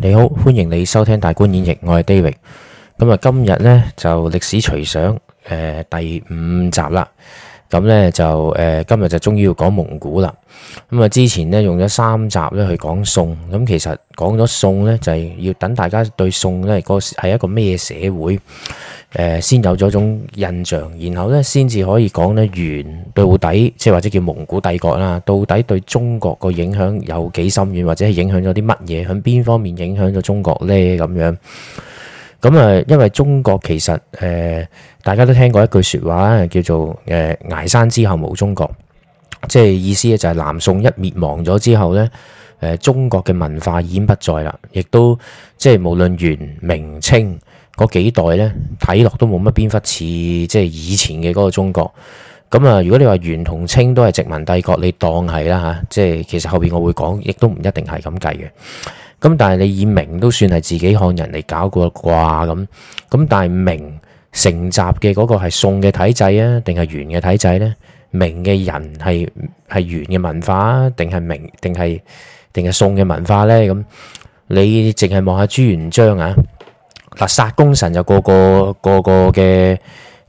你好，歡迎你收聽《大觀演繹》，我係 David，咁啊，今日呢，就歷史隨想、呃、第五集啦。咁咧就誒，今日就終於要講蒙古啦。咁啊，之前咧用咗三集咧去講宋。咁其實講咗宋咧，就係要等大家對宋咧個係一個咩社會先有咗種印象，然後咧先至可以講咧元。到底即係或者叫蒙古帝國啦，到底對中國個影響有幾深遠，或者係影響咗啲乜嘢，響邊方面影響咗中國呢？咁樣。咁啊，因為中國其實誒、呃，大家都聽過一句説話叫做誒崖、呃、山之後無中國，即係意思咧就係南宋一滅亡咗之後呢，誒、呃、中國嘅文化已經不再啦，亦都即係無論元、明清嗰幾代呢，睇落都冇乜邊忽似即係以前嘅嗰個中國。咁、嗯、啊，如果你話元同清都係殖民帝國，你當係啦嚇，即係其實後邊我會講，亦都唔一定係咁計嘅。咁但係你以明都算係自己漢人嚟搞過啩咁，咁但係明承襲嘅嗰個係宋嘅體制啊，定係元嘅體制咧？明嘅人係係元嘅文化，定係明定係定係宋嘅文化咧？咁你淨係望下朱元璋啊，嗱殺功臣就個個個個嘅。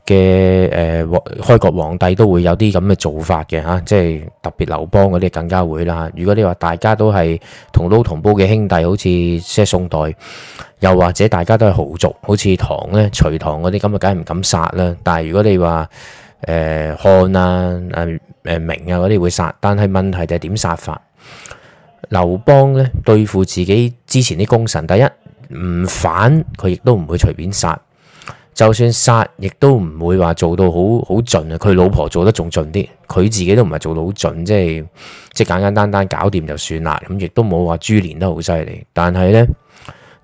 嘅誒皇開國皇帝都會有啲咁嘅做法嘅嚇、啊，即係特別劉邦嗰啲更加會啦、啊。如果你話大家都係同撈同煲嘅兄弟，好似即係宋代，又或者大家都係豪族，好似唐咧、隋唐嗰啲咁啊，梗係唔敢殺啦。但係如果你話誒、呃、漢啊、誒、啊、誒、啊、明啊嗰啲會殺，但係問題就係點殺法？劉邦咧對付自己之前啲功臣，第一唔反，佢亦都唔會隨便殺。就算殺，亦都唔會話做到好好盡啊。佢老婆做得仲盡啲，佢自己都唔係做到好盡，即係即係簡簡單單,單搞掂就算啦。咁亦都冇話株連得好犀利。但係呢，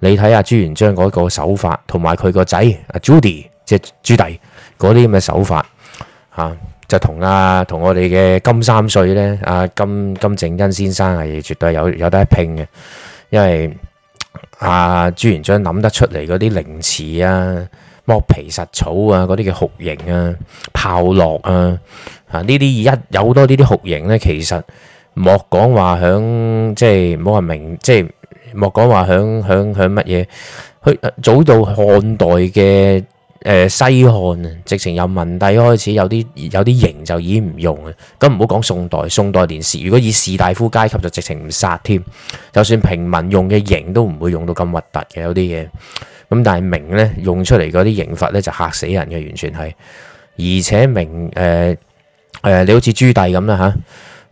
你睇下、啊、朱元璋嗰個手法，同埋佢個仔阿 Judy，即係朱棣嗰啲咁嘅手法啊，就同阿同我哋嘅金三歲呢，阿、啊、金金正恩先生係絕對有有得一拼嘅，因為阿、啊、朱元璋諗得出嚟嗰啲凌遲啊。剝皮實草啊，嗰啲嘅酷刑啊，炮烙啊，啊呢啲一有多呢啲酷刑呢，其實莫講話響即係唔好話明，即係莫講話響響響乜嘢？去、啊、早到漢代嘅誒、呃、西漢啊，直情由文帝開始有啲有啲刑就已經唔用啊，咁唔好講宋代，宋代連士，如果以士大夫階級就直情唔殺添，就算平民用嘅刑都唔會用到咁核突嘅，有啲嘢。咁但係明咧用出嚟嗰啲刑罰咧就嚇死人嘅，完全係，而且明誒誒、呃呃、你好似朱棣咁啦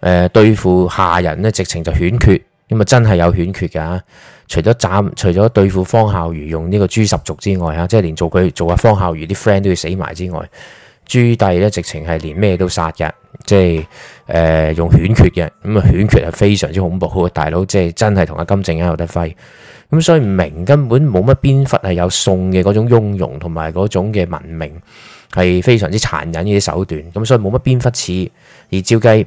吓、誒、啊、對、呃、付下人咧直情就犬決，咁啊真係有犬決噶、啊，除咗斬除咗對付方孝孺用呢個誅十族之外，吓、啊、即係連做佢做阿方孝孺啲 friend 都要死埋之外，朱棣咧直情係連咩都殺嘅，即係誒、呃、用犬決嘅，咁、嗯、啊犬決係非常之恐怖，大佬即係真係同阿金正恩有得揮。咁所以明根本冇乜邊忽係有宋嘅嗰種雍容，同埋嗰種嘅文明係非常之殘忍呢啲手段。咁所以冇乜邊忽似。而照計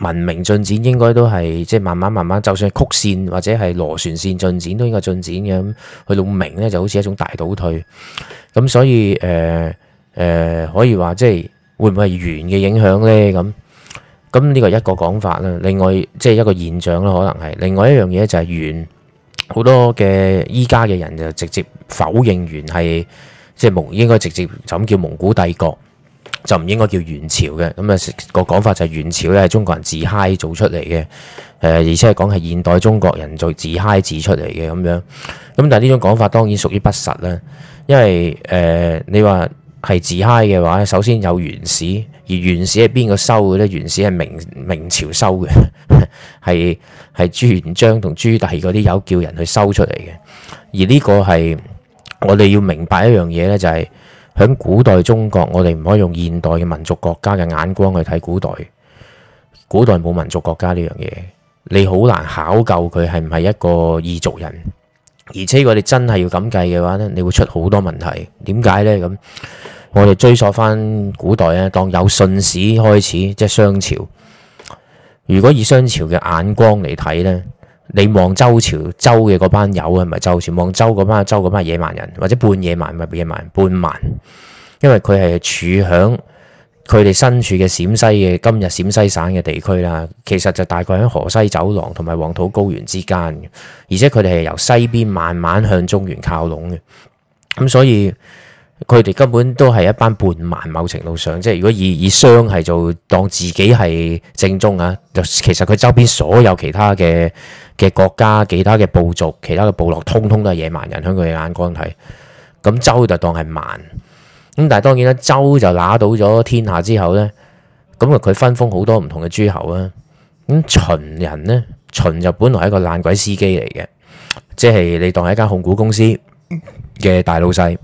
文明進展應該都係即係慢慢慢慢，就算係曲線或者係螺旋線進展，都應該進展嘅。咁去到明咧就好似一種大倒退。咁所以誒誒、呃呃、可以話即係會唔會係元嘅影響咧？咁咁呢個係一個講法啦，另外即係、就是、一個現象啦，可能係另外一樣嘢就係元。好多嘅依家嘅人就直接否認完係即係蒙，應該直接就咁叫蒙古帝國，就唔應該叫元朝嘅。咁、那、啊個講法就係、是、元朝咧係中國人自嗨做出嚟嘅，誒、呃、而且係講係現代中國人在自嗨指出嚟嘅咁樣。咁但係呢種講法當然屬於不實啦，因為誒、呃、你話。係自嗨嘅話，首先有元史，而元史係邊個收嘅呢？元史係明明朝收嘅，係 係朱元璋同朱棣嗰啲有叫人去收出嚟嘅。而呢個係我哋要明白一樣嘢呢，就係喺古代中國，我哋唔可以用現代嘅民族國家嘅眼光去睇古代。古代冇民族國家呢樣嘢，你好難考究佢係唔係一個異族人。而且我哋真係要咁計嘅話呢，你會出好多問題。點解呢？咁？我哋追溯返古代咧，當有信史開始，即係商朝。如果以商朝嘅眼光嚟睇呢，你望周朝，周嘅嗰班友係咪周朝？望周嗰班周嗰班野蠻人，或者半野蠻咪野蠻人半蠻？因為佢係處響佢哋身處嘅陝西嘅今日陝西省嘅地區啦，其實就大概喺河西走廊同埋黃土高原之間，而且佢哋係由西邊慢慢向中原靠攏嘅。咁、嗯、所以。佢哋根本都係一班半蠻，某程度上即係如果以以商係做當自己係正宗啊，就其實佢周邊所有其他嘅嘅國家、其他嘅部族、其他嘅部落，通通都係野蠻人。喺佢嘅眼光睇，咁周就當係蠻咁，但係當然啦，周就拿到咗天下之後呢。咁啊佢分封好多唔同嘅諸侯啊。咁秦人呢？秦就本來係一個爛鬼司機嚟嘅，即係你當係一間控股公司嘅大老細。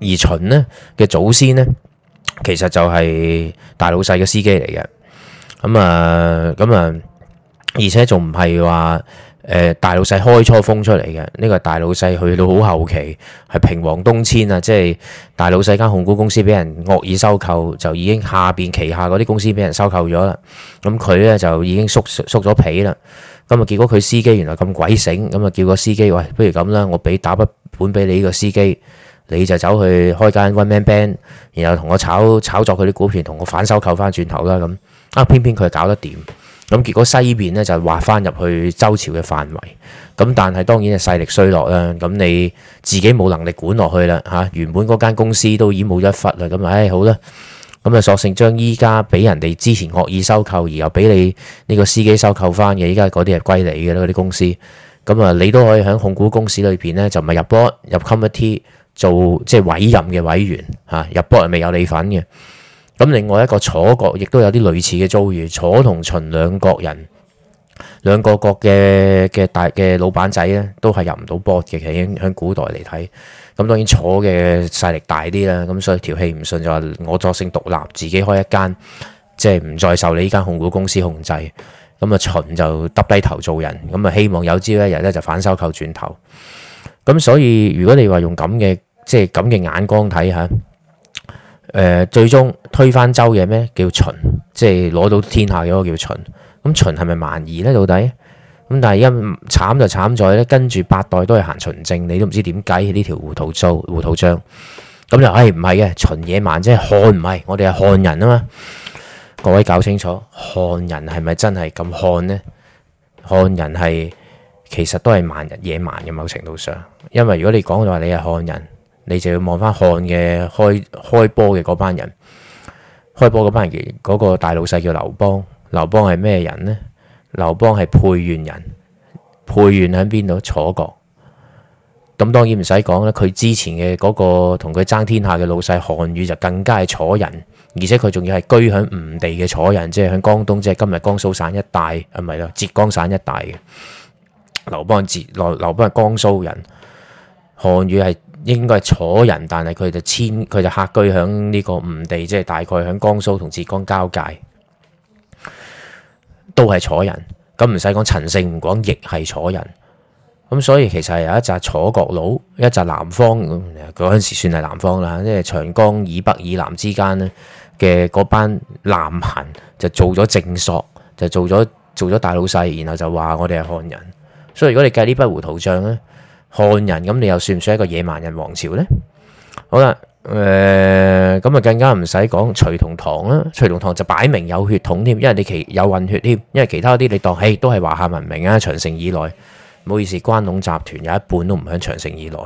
而秦呢嘅祖先呢，其實就係大老細嘅司機嚟嘅。咁啊，咁啊，而且仲唔係話誒大老細開初封出嚟嘅？呢個大老細去到好後期，係平王東遷啊，即係大老細間控股公司俾人惡意收購，就已經下邊旗下嗰啲公司俾人收購咗啦。咁啊，佢呢，就已經縮縮咗皮啦。咁啊，結果佢司機原來咁鬼醒，咁啊叫個司機，喂，哎，不如咁啦，我俾打筆本俾你呢個司機。你就走去開間 One Man Band，然後同我炒炒作佢啲股票，同我反收購翻轉頭啦。咁啊，偏偏佢係搞得掂，咁結果西邊呢，就劃、係、翻入去周朝嘅範圍。咁但係當然係勢力衰落啦。咁你自己冇能力管落去啦嚇、啊。原本嗰間公司都已經冇一忽啦。咁唉、哎、好啦，咁啊索性將依家俾人哋之前惡意收購，而又俾你呢個司機收購翻嘅，依家嗰啲係歸你嘅啦。嗰啲公司咁啊，你都可以喺控股公司裏邊呢，就唔係入波入 committee。做即係委任嘅委員，嚇，入波係未有你份嘅。咁另外一個楚國亦都有啲類似嘅遭遇。楚同秦兩國人兩個國嘅嘅大嘅老闆仔咧，都係入唔到波嘅。其實已經喺古代嚟睇，咁當然楚嘅勢力大啲啦，咁所以條氣唔順就話，我作性獨立，自己開一間，即係唔再受你呢間控股公司控制。咁啊秦就耷低頭做人，咁啊希望有朝一日咧就反收購轉頭。咁所以如果你話用咁嘅，即係咁嘅眼光睇下，誒、呃、最終推翻周嘢咩？叫秦，即係攞到天下嗰個叫秦。咁秦係咪蠻夷呢？到底咁、嗯？但係而家慘就慘在咧，跟住八代都係行秦政，你都唔知點解呢條糊塗糟、糊塗賬，咁就。唉、哎，唔係嘅，秦野蠻即係漢唔係。我哋係漢人啊嘛，各位搞清楚，漢人係咪真係咁漢呢？漢人係其實都係蠻人野蠻嘅某程度上，因為如果你講就話你係漢人。你就要望翻漢嘅開開波嘅嗰班人，開波嗰班人其嗰、那個大老細叫劉邦，劉邦係咩人呢？劉邦係沛縣人，沛縣喺邊度？楚國。咁當然唔使講啦，佢之前嘅嗰、那個同佢爭天下嘅老細項羽就更加係楚人，而且佢仲要係居喺吳地嘅楚人，即係喺江東，即係今日江蘇省一帶，係咪咯，浙江省一帶嘅。劉邦自劉邦係江蘇人，項羽係。應該係楚人，但係佢就遷，佢就客居喺呢個吳地，即係大概喺江蘇同浙江交界，都係楚人。咁唔使講，陳勝吳廣，亦係楚人。咁所以其實有一紮楚國佬，一紮南方咁。嗰陣時算係南方啦，即係長江以北以南之間咧嘅嗰班南蠻就做咗正朔，就做咗做咗大老細，然後就話我哋係漢人。所以如果你計呢筆糊塗賬咧。漢人咁，你又算唔算一個野蠻人王朝呢？好啦，誒、呃，咁啊更加唔使講隋同唐啦，隋同唐就擺明有血統添，因為你其有混血添，因為其他啲你當誒都係華夏文明啊，長城以內。唔好意思，關隴集團有一半都唔響長城以內，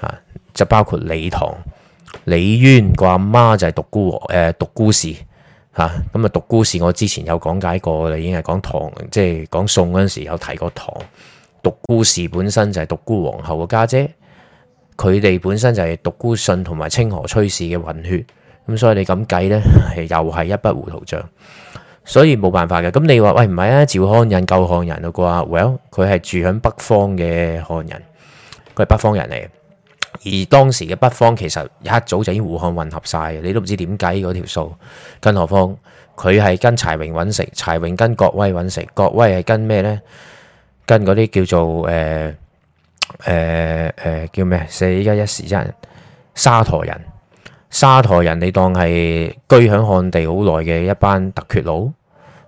吓、啊、就包括李唐，李淵個阿媽，媽就係獨孤誒、呃、獨孤氏，吓咁啊、嗯、獨孤氏我之前有講解過，你已經係講唐即係講宋嗰陣時有提過唐。獨孤氏本身就係獨孤皇后嘅家姐，姐，佢哋本身就係獨孤信同埋清河崔氏嘅混血，咁所以你咁計呢，又係一筆糊塗賬，所以冇辦法嘅。咁你話喂，唔係啊？趙匡胤夠漢人嘅啩，Well，佢係住喺北方嘅漢人，佢係北方人嚟。而當時嘅北方其實一早就已經胡漢混合晒，你都唔知點計嗰條數，更何況佢係跟柴榮搵食，柴榮跟郭威搵食，郭威係跟咩呢？跟嗰啲叫做誒，誒、呃，誒、呃，叫咩？四一一時一沙陀人，沙陀人你當係居喺漢地好耐嘅一班突厥佬，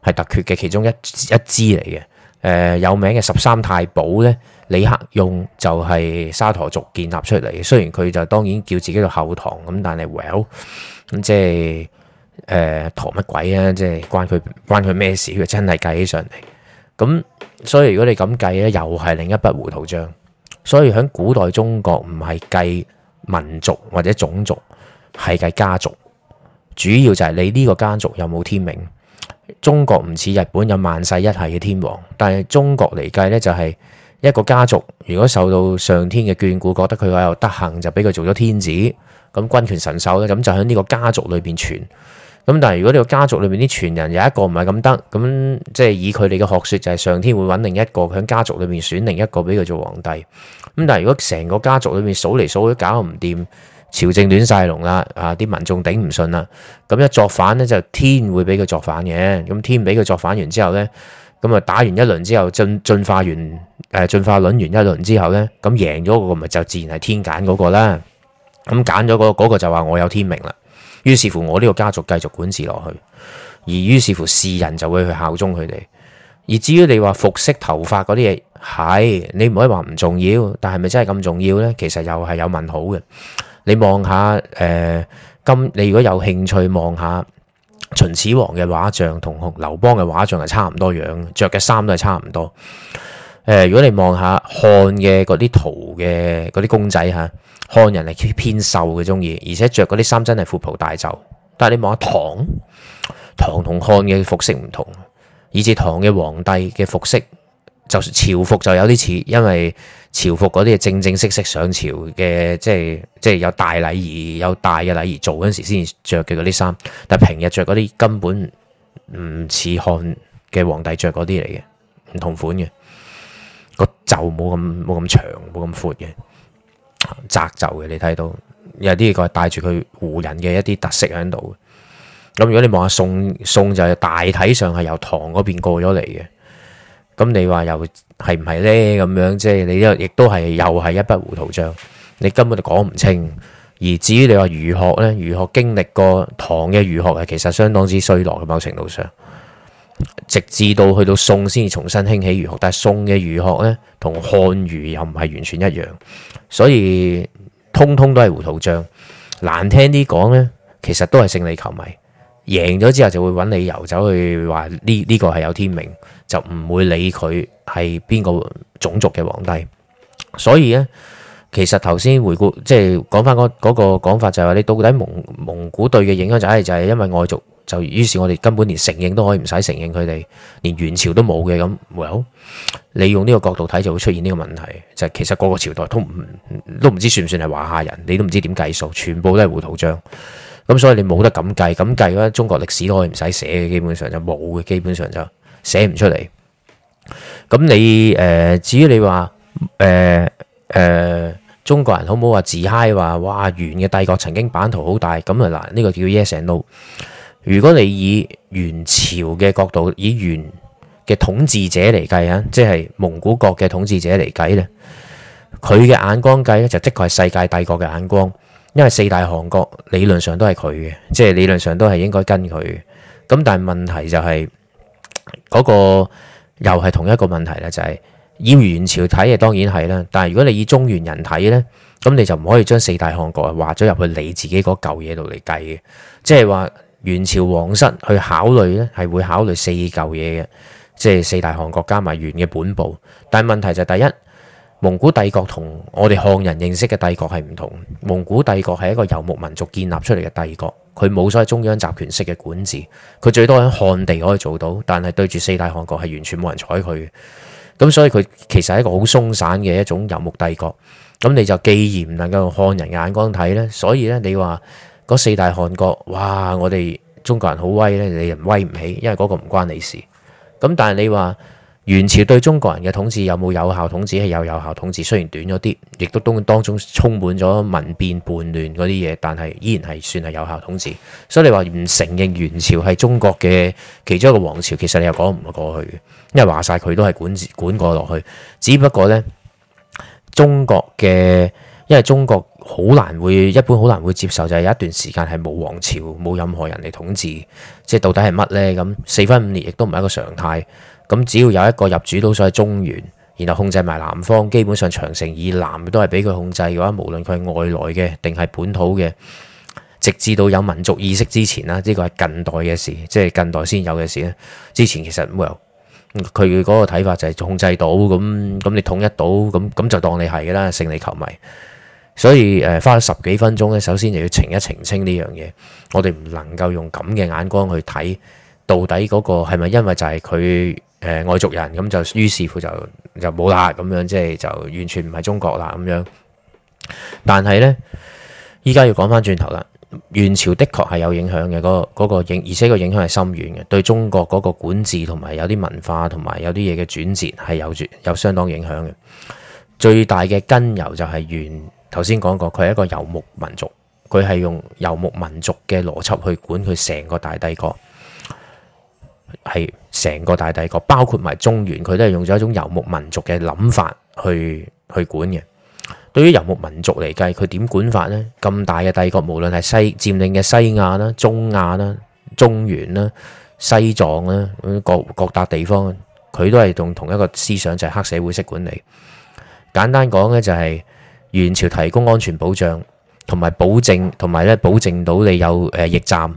係突厥嘅其中一一支嚟嘅。誒、呃、有名嘅十三太保咧，李克用就係沙陀族建立出嚟。雖然佢就當然叫自己做後唐，咁、well，但係 well 咁即係誒，陀乜鬼啊！即係關佢關佢咩事？佢真係計起上嚟咁。所以如果你咁計咧，又係另一筆糊塗賬。所以喺古代中國唔係計民族或者種族，係計家族。主要就係你呢個家族有冇天命。中國唔似日本有萬世一系嘅天皇，但係中國嚟計呢，就係一個家族，如果受到上天嘅眷顧，覺得佢有德行就俾佢做咗天子，咁君權神授咧，咁就喺呢個家族裏邊傳。咁但係如果呢個家族裏面啲傳人有一個唔係咁得，咁即係以佢哋嘅學說就係上天會揾另一個響家族裏面選另一個俾佢做皇帝。咁但係如果成個家族裏面數嚟數去都搞唔掂，朝政亂晒龍啦，啊啲民眾頂唔順啦，咁一作反呢，就天會俾佢作反嘅。咁天俾佢作反完之後呢，咁啊打完一輪之後進進化完誒進化輪完，完，完一輪之後呢，咁贏咗嗰個咪就自然係天揀嗰個啦。咁揀咗嗰嗰個就話我有天命啦。於是乎，我呢個家族繼續管治落去，而於是乎，士人就會去效忠佢哋。而至於你話服飾、頭髮嗰啲嘢，係，你唔可以話唔重要，但係咪真係咁重要呢？其實又係有問號嘅。你望下，誒、呃，今你如果有興趣望下秦始皇嘅畫像同劉邦嘅畫像係差唔多樣，着嘅衫都係差唔多。誒、呃，如果你望下漢嘅嗰啲圖嘅嗰啲公仔吓。漢人係偏瘦嘅，中意而且着嗰啲衫真係寬袍大袖。但係你望下唐，唐同漢嘅服飾唔同，以至唐嘅皇帝嘅服飾就朝服就有啲似，因為朝服嗰啲係正正式式上朝嘅，即係即係有大禮儀、有大嘅禮儀做嗰陣時先着嘅嗰啲衫。但係平日着嗰啲根本唔似漢嘅皇帝着嗰啲嚟嘅，唔同款嘅，個袖冇咁冇咁長，冇咁闊嘅。擇就嘅，你睇到有啲嘢個帶住佢湖人嘅一啲特色喺度。咁、嗯、如果你望下宋，宋就係大體上係由唐嗰邊過咗嚟嘅。咁、嗯、你話又係唔係呢？咁樣即係你亦都係又係一筆糊塗賬，你根本就講唔清。而至於你話儒學呢，儒學經歷過唐嘅儒學係其實相當之衰落嘅，某程度上。直至到去到宋先重新興起儒學，但係宋嘅儒學呢，同漢儒又唔係完全一樣，所以通通都係糊塗賬。難聽啲講呢，其實都係勝利球迷，贏咗之後就會揾理由走去話呢呢個係有天命，就唔會理佢係邊個種族嘅皇帝。所以呢，其實頭先回顧即係講翻嗰嗰個講法、就是，就係話你到底蒙蒙古隊嘅影響就係、是、就係、是、因為外族。就於是，我哋根本連承認都可以唔使承認佢哋，連元朝都冇嘅咁。Well，你用呢個角度睇就會出現呢個問題，就是、其實個個朝代都唔都唔知算唔算係華夏人，你都唔知點計數，全部都係糊塗帳。咁所以你冇得咁計，咁計咧中國歷史都可以唔使寫，基本上就冇嘅，基本上就寫唔出嚟。咁你誒、呃、至於你話誒誒中國人好唔好話自嗨話哇元嘅帝國曾經版圖好大咁啊，嗱呢個叫 yes and no。如果你以元朝嘅角度，以元嘅統治者嚟計啊，即係蒙古國嘅統治者嚟計咧，佢嘅眼光計咧就即係世界帝國嘅眼光，因為四大汗國理論上都係佢嘅，即係理論上都係應該跟佢嘅。咁但係問題就係嗰個又係同一個問題咧，就係以元朝睇嘅當然係啦，但係如果你以中原人睇咧，咁你就唔可以將四大汗國劃咗入去你自己嗰嚿嘢度嚟計嘅，即係話。元朝皇室去考慮呢，係會考慮四嚿嘢嘅，即係四大汗國加埋元嘅本部。但係問題就係第一，蒙古帝國同我哋漢人認識嘅帝國係唔同。蒙古帝國係一個游牧民族建立出嚟嘅帝國，佢冇所謂中央集權式嘅管治，佢最多喺漢地可以做到，但係對住四大汗國係完全冇人睬佢嘅。咁所以佢其實係一個好鬆散嘅一種游牧帝國。咁你就既然唔能夠用漢人眼光睇呢，所以呢，你話。嗰四大汗國，哇！我哋中國人好威咧，你人威唔起，因為嗰個唔關你事。咁但係你話元朝對中國人嘅統治有冇有，有效統治係有有效統治，雖然短咗啲，亦都當中充滿咗民變叛亂嗰啲嘢，但係依然係算係有效統治。所以你話唔承認元朝係中國嘅其中一個王朝，其實你又講唔過去，因為話晒佢都係管管過落去，只不過呢，中國嘅，因為中國。好難會一般好難會接受，就係有一段時間係冇皇朝冇任何人嚟統治，即係到底係乜呢？咁四分五裂亦都唔係一個常態。咁只要有一個入主到咗係中原，然後控制埋南方，基本上長城以南都係俾佢控制嘅話，無論佢係外來嘅定係本土嘅，直至到有民族意識之前啦，呢個係近代嘅事，即係近代先有嘅事咧。之前其實唔 e l l 佢嗰個睇法就係控制到咁咁，你統一到咁咁就當你係嘅啦，勝利球迷。所以誒、呃、花咗十幾分鐘咧，首先就要澄一澄清呢樣嘢。我哋唔能夠用咁嘅眼光去睇，到底嗰、嗰個係咪因為就係佢誒外族人咁就於是乎就就冇啦咁樣，即係就完全唔係中國啦咁樣。但係呢，依家要講返轉頭啦，元朝的確係有影響嘅，嗰、嗰個影、嗰個，而且個影響係深遠嘅，對中國嗰個管治同埋有啲文化同埋有啲嘢嘅轉折係有住有相當影響嘅。最大嘅根由就係元。頭先講過，佢係一個遊牧民族，佢係用遊牧民族嘅邏輯去管佢成個大帝國，係成個大帝國，包括埋中原，佢都係用咗一種遊牧民族嘅諗法去去管嘅。對於遊牧民族嚟計，佢點管法呢？咁大嘅帝國，無論係西佔領嘅西亞啦、中亞啦、中原啦、西藏啦，各各大地方，佢都係用同一個思想，就係黑社會式管理。簡單講呢，就係。元朝提供安全保障，同埋保證，同埋咧保證到你有誒、呃、驛站。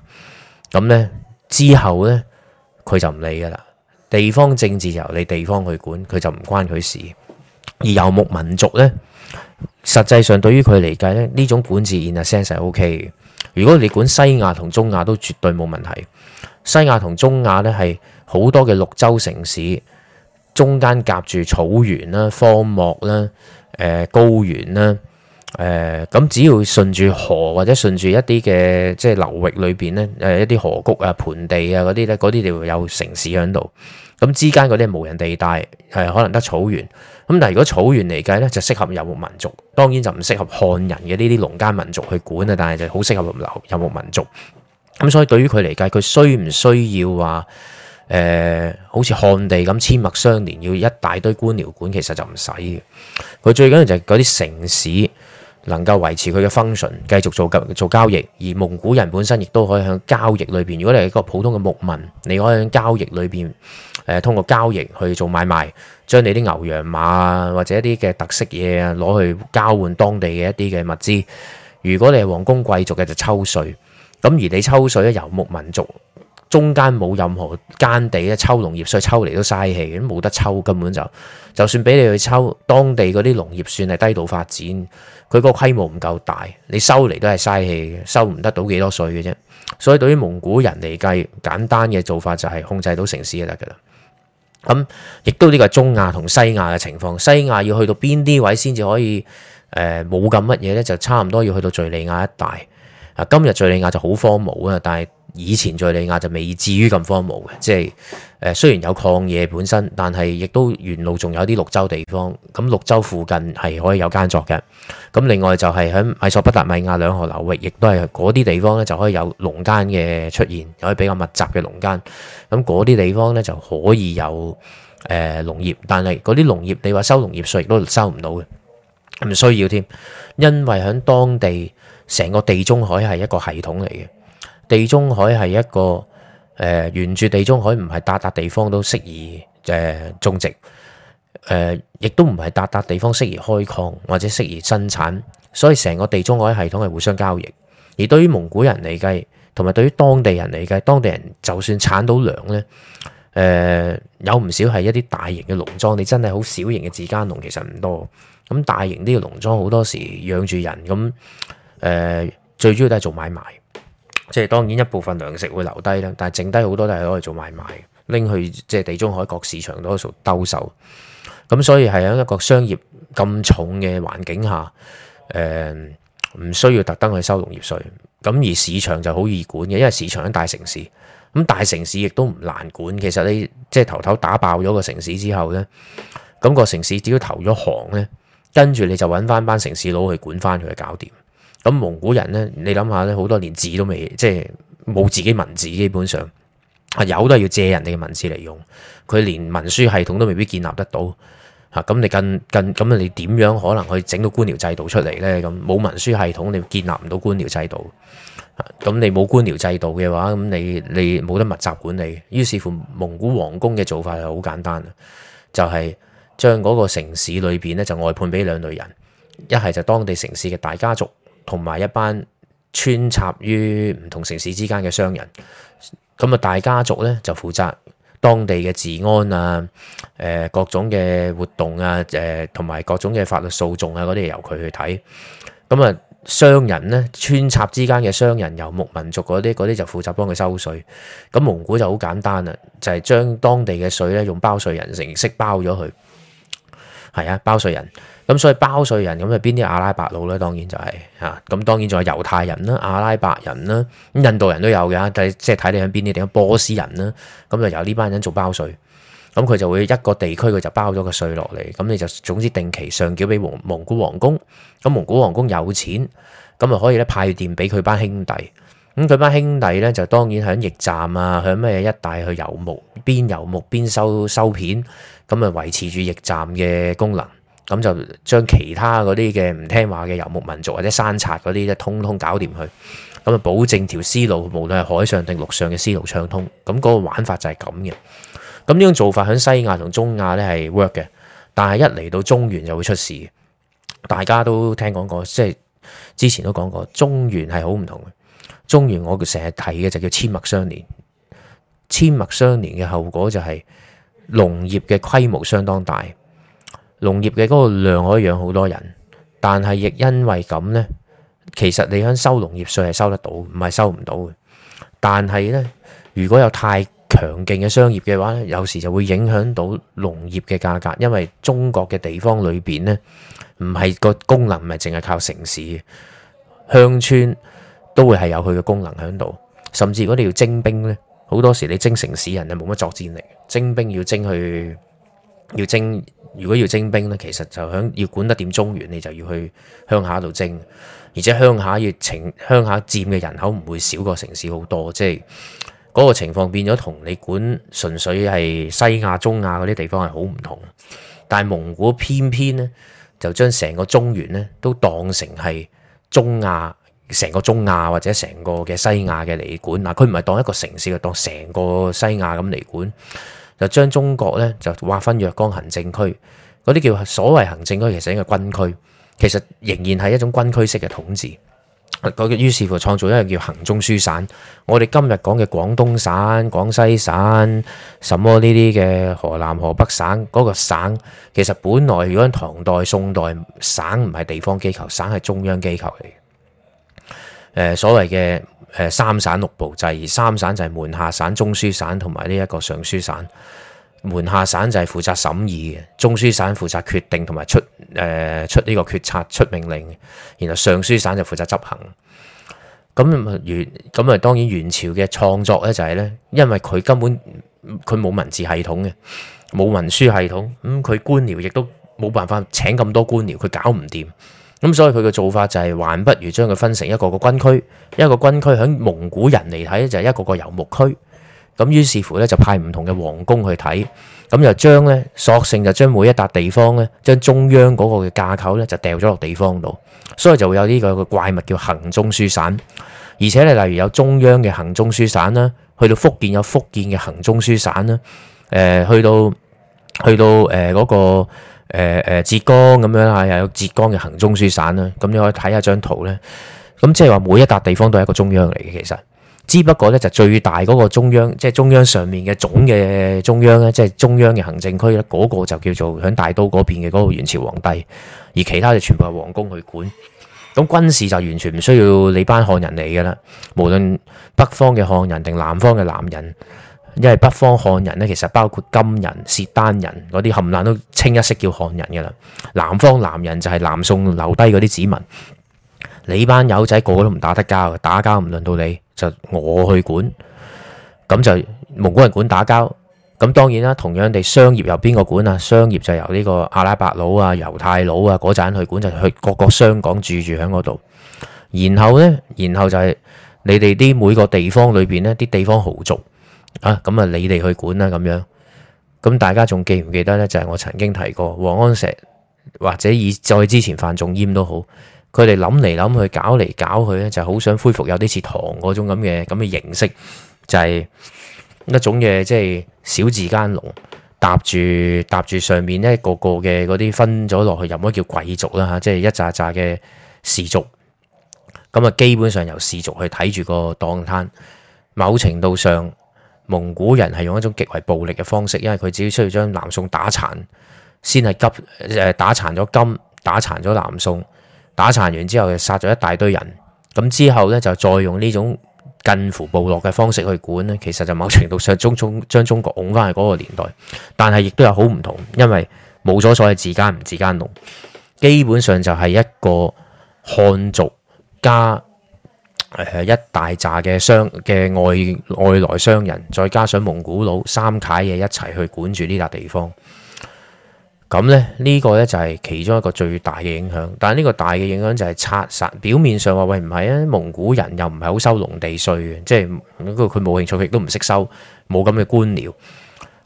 咁呢之後呢，佢就唔理噶啦。地方政治由你地方去管，佢就唔關佢事。而游牧民族呢，實際上對於佢嚟計呢，呢種管治現實性係 OK 嘅。如果你管西亞同中亞都絕對冇問題。西亞同中亞呢，係好多嘅綠洲城市，中間夾住草原啦、荒漠啦。誒、呃、高原啦，誒、呃、咁只要順住河或者順住一啲嘅即係流域裏邊咧，誒、呃、一啲河谷啊、盆地啊嗰啲咧，嗰啲就會有城市喺度。咁之間嗰啲係無人地帶，係、呃、可能得草原。咁但係如果草原嚟計咧，就適合遊牧民族，當然就唔適合漢人嘅呢啲農耕民族去管啊。但係就好適合遊牧民族。咁、嗯、所以對於佢嚟計，佢需唔需要話？誒、呃，好似漢地咁阡陌相連，要一大堆官僚管，其實就唔使嘅。佢最緊要就係嗰啲城市能夠維持佢嘅 function，繼續做交做交易。而蒙古人本身亦都可以喺交易裏邊。如果你係一個普通嘅牧民，你可以喺交易裏邊誒，通過交易去做買賣，將你啲牛羊馬或者一啲嘅特色嘢攞去交換當地嘅一啲嘅物資。如果你係王公貴族嘅，就抽稅。咁而你抽稅咧，遊牧民族。中間冇任何間地咧抽農業稅，抽嚟都嘥氣，都冇得抽，根本就就算俾你去抽當地嗰啲農業，算係低度發展，佢個規模唔夠大，你收嚟都係嘥氣嘅，收唔得到幾多稅嘅啫。所以對於蒙古人嚟計，簡單嘅做法就係控制到城市就得噶啦。咁、嗯、亦都呢個係中亞同西亞嘅情況。西亞要去到邊啲位先至可以誒冇咁乜嘢呢？就差唔多要去到敘利亞一帶。啊，今日敘利亞就好荒蕪啊，但係。以前敍利亞就未至於咁荒蕪嘅，即係誒雖然有曠野本身，但係亦都沿路仲有啲綠洲地方，咁綠洲附近係可以有耕作嘅。咁另外就係喺米索不達米亞兩河流域，亦都係嗰啲地方咧就可以有農間嘅出現，可以比較密集嘅農間。咁嗰啲地方咧就可以有誒農業，但係嗰啲農業你話收農業稅都收唔到嘅，唔需要添，因為喺當地成個地中海係一個系統嚟嘅。地中海係一個誒、呃，沿住地中海唔係笪笪地方都適宜誒、呃、種植，誒、呃、亦都唔係笪笪地方適宜開礦或者適宜生產，所以成個地中海系統係互相交易。而對於蒙古人嚟計，同埋對於當地人嚟計，當地人就算產到糧咧，誒、呃、有唔少係一啲大型嘅農莊，你真係好小型嘅自家農其實唔多，咁大型啲嘅農莊好多時養住人，咁誒、呃、最主要都係做買賣。即係當然一部分糧食會留低啦，但係剩低好多都係攞嚟做買賣，拎去即係地中海各市場嗰度兜售。咁所以係喺一個商業咁重嘅環境下，誒、呃、唔需要特登去收農業稅。咁而市場就好易管嘅，因為市場喺大城市，咁大城市亦都唔難管。其實你即係頭頭打爆咗個城市之後呢，咁、個城市只要投咗行呢，跟住你就揾翻班城市佬去管翻佢，搞掂。咁蒙古人咧，你諗下咧，好多連字都未，即係冇自己文字，基本上啊，有都係要借人哋嘅文字嚟用。佢連文書系統都未必建立得到，嚇咁你更更咁你點樣可能去整到官僚制度出嚟咧？咁冇文書系統，你建立唔到官僚制度。咁你冇官僚制度嘅話，咁你你冇得密集管理。於是乎，蒙古王宮嘅做法係好簡單，就係將嗰個城市裏邊咧就外判俾兩類人，一係就當地城市嘅大家族，同埋一班穿插於唔同城市之間嘅商人，咁啊大家族咧就負責當地嘅治安啊、誒、呃、各種嘅活動啊、誒同埋各種嘅法律訴訟啊嗰啲由佢去睇。咁、嗯、啊商人咧穿插之間嘅商人遊牧民族嗰啲嗰啲就負責幫佢收稅。咁、嗯、蒙古就好簡單啦，就係、是、將當地嘅稅咧用包稅人形式包咗佢。係啊，包稅人，咁所以包稅人咁係邊啲阿拉伯佬咧？當然就係、是、吓，咁當然仲有猶太人啦、阿拉伯人啦，咁印度人都有嘅，但係即係睇你響邊啲地方，波斯人啦，咁就由呢班人做包稅，咁佢就會一個地區佢就包咗個稅落嚟，咁你就總之定期上繳俾蒙蒙古王宮，咁蒙古王宮有錢，咁啊可以咧派電俾佢班兄弟。咁佢班兄弟咧，就當然喺驛站啊，喺咩一帶去游牧，邊游牧邊收收片，咁啊維持住驛站嘅功能。咁就將其他嗰啲嘅唔聽話嘅遊牧民族或者山賊嗰啲咧，通通搞掂佢。咁啊，保證條絲路無論係海上定陸上嘅絲路暢通。咁嗰個玩法就係咁嘅。咁呢種做法喺西亞同中亞咧係 work 嘅，但係一嚟到中原就會出事。大家都聽講過，即係之前都講過，中原係好唔同嘅。中原我成日睇嘅就叫阡陌相連，阡陌相連嘅後果就係、是、農業嘅規模相當大，農業嘅嗰個量可以養好多人，但係亦因為咁咧，其實你響收農業稅係收得到，唔係收唔到嘅。但係咧，如果有太強勁嘅商業嘅話咧，有時就會影響到農業嘅價格，因為中國嘅地方裏邊咧，唔係、個功能唔係淨係靠城市，鄉村。都會係有佢嘅功能喺度，甚至如果你要徵兵咧，好多時你徵城市人係冇乜作戰力，徵兵要徵去，要徵。如果要徵兵咧，其實就響要管得點中原，你就要去鄉下度徵。而且鄉下要徵，鄉下佔嘅人口唔會少過城市好多，即係嗰個情況變咗同你管純粹係西亞、中亞嗰啲地方係好唔同，但係蒙古偏偏呢，就將成個中原呢，都當成係中亞。成個中亞或者成個嘅西亞嘅嚟管，嗱，佢唔係當一個城市，就當成個西亞咁嚟管，就將中國呢，就劃分若干行政區，嗰啲叫所謂行政區，其實係一個軍區，其實仍然係一種軍區式嘅統治。嗰個於是乎創造一個叫行中書省。我哋今日講嘅廣東省、廣西省，什麼呢啲嘅河南、河北省嗰個省，其實本來如果唐代、宋代，省唔係地方機構，省係中央機構嚟嘅。誒、呃、所謂嘅誒、呃、三省六部制，而三省就係門下省、中書省同埋呢一個尚書省。門下省就係負責審議嘅，中書省負責決定同埋出誒、呃、出呢個決策、出命令，然後尚書省就負責執行。咁元咁啊，當然元朝嘅創作咧就係、是、咧，因為佢根本佢冇文字系統嘅，冇文書系統，咁、嗯、佢官僚亦都冇辦法請咁多官僚，佢搞唔掂。咁所以佢嘅做法就係，還不如將佢分成一個個軍區，一個軍區喺蒙古人嚟睇就係一個個遊牧區。咁於是乎咧，就派唔同嘅王公去睇，咁就將咧索性就將每一笪地方咧，將中央嗰個嘅架構咧，就掉咗落地方度。所以就會有呢個怪物叫行中書省，而且咧，例如有中央嘅行中書省啦，去到福建有福建嘅行中書省啦，誒，去到去到誒嗰、呃，那個。誒誒、嗯，浙江咁樣啦，有浙江嘅行中書省啦，咁、嗯、你可以睇下張圖咧。咁即係話每一笪地方都係一個中央嚟嘅，其實。只不過咧，就是、最大嗰個中央，即、就、係、是、中央上面嘅總嘅中央咧，即、就、係、是、中央嘅行政區咧，嗰、那個就叫做喺大都嗰邊嘅嗰個元朝皇帝，而其他就全部係皇宮去管。咁、嗯、軍事就完全唔需要你班漢人嚟㗎啦，無論北方嘅漢人定南方嘅南人。因為北方漢人咧，其實包括金人、契丹人嗰啲冚唪唥都清一色叫漢人嘅啦。南方南人就係南宋留低嗰啲子民。你班友仔個個都唔打得交，打交唔輪到你，就我去管。咁就蒙古人管打交，咁當然啦。同樣地，商業由邊個管啊？商業就由呢個阿拉伯佬啊、猶太佬啊嗰陣、那個、去管，就去各個商港住住喺嗰度。然後呢，然後就係你哋啲每個地方裏邊呢啲地方豪族。啊，咁啊，你哋去管啦，咁樣，咁大家仲記唔記得呢？就係、是、我曾經提過王安石或者以再之前范仲淹都好，佢哋諗嚟諗去，搞嚟搞去呢，就好、是、想恢復有啲似唐嗰種咁嘅咁嘅形式，就係、是、一種嘢，即係小字間龍搭住搭住上面咧，個個嘅嗰啲分咗落去，又唔可以叫貴族啦吓、啊，即係一扎扎嘅士族，咁啊，基本上由士族去睇住個檔攤，某程度上。蒙古人係用一種極為暴力嘅方式，因為佢只需要將南宋打殘，先係急誒打殘咗金，打殘咗南宋，打殘完之後又殺咗一大堆人，咁之後呢，就再用呢種近乎部落嘅方式去管呢，其實就某程度上中中將中國拱返去嗰個年代，但係亦都有好唔同，因為冇咗所謂自間唔自間奴，基本上就係一個漢族加。誒一大扎嘅商嘅外外來商人，再加上蒙古佬三 c 嘢一齊去管住呢笪地方，咁咧呢、呢個咧就係其中一個最大嘅影響。但係呢個大嘅影響就係拆散。表面上話喂，唔係啊，蒙古人又唔係好收農地稅嘅，即係佢冇興趣，亦都唔識收，冇咁嘅官僚。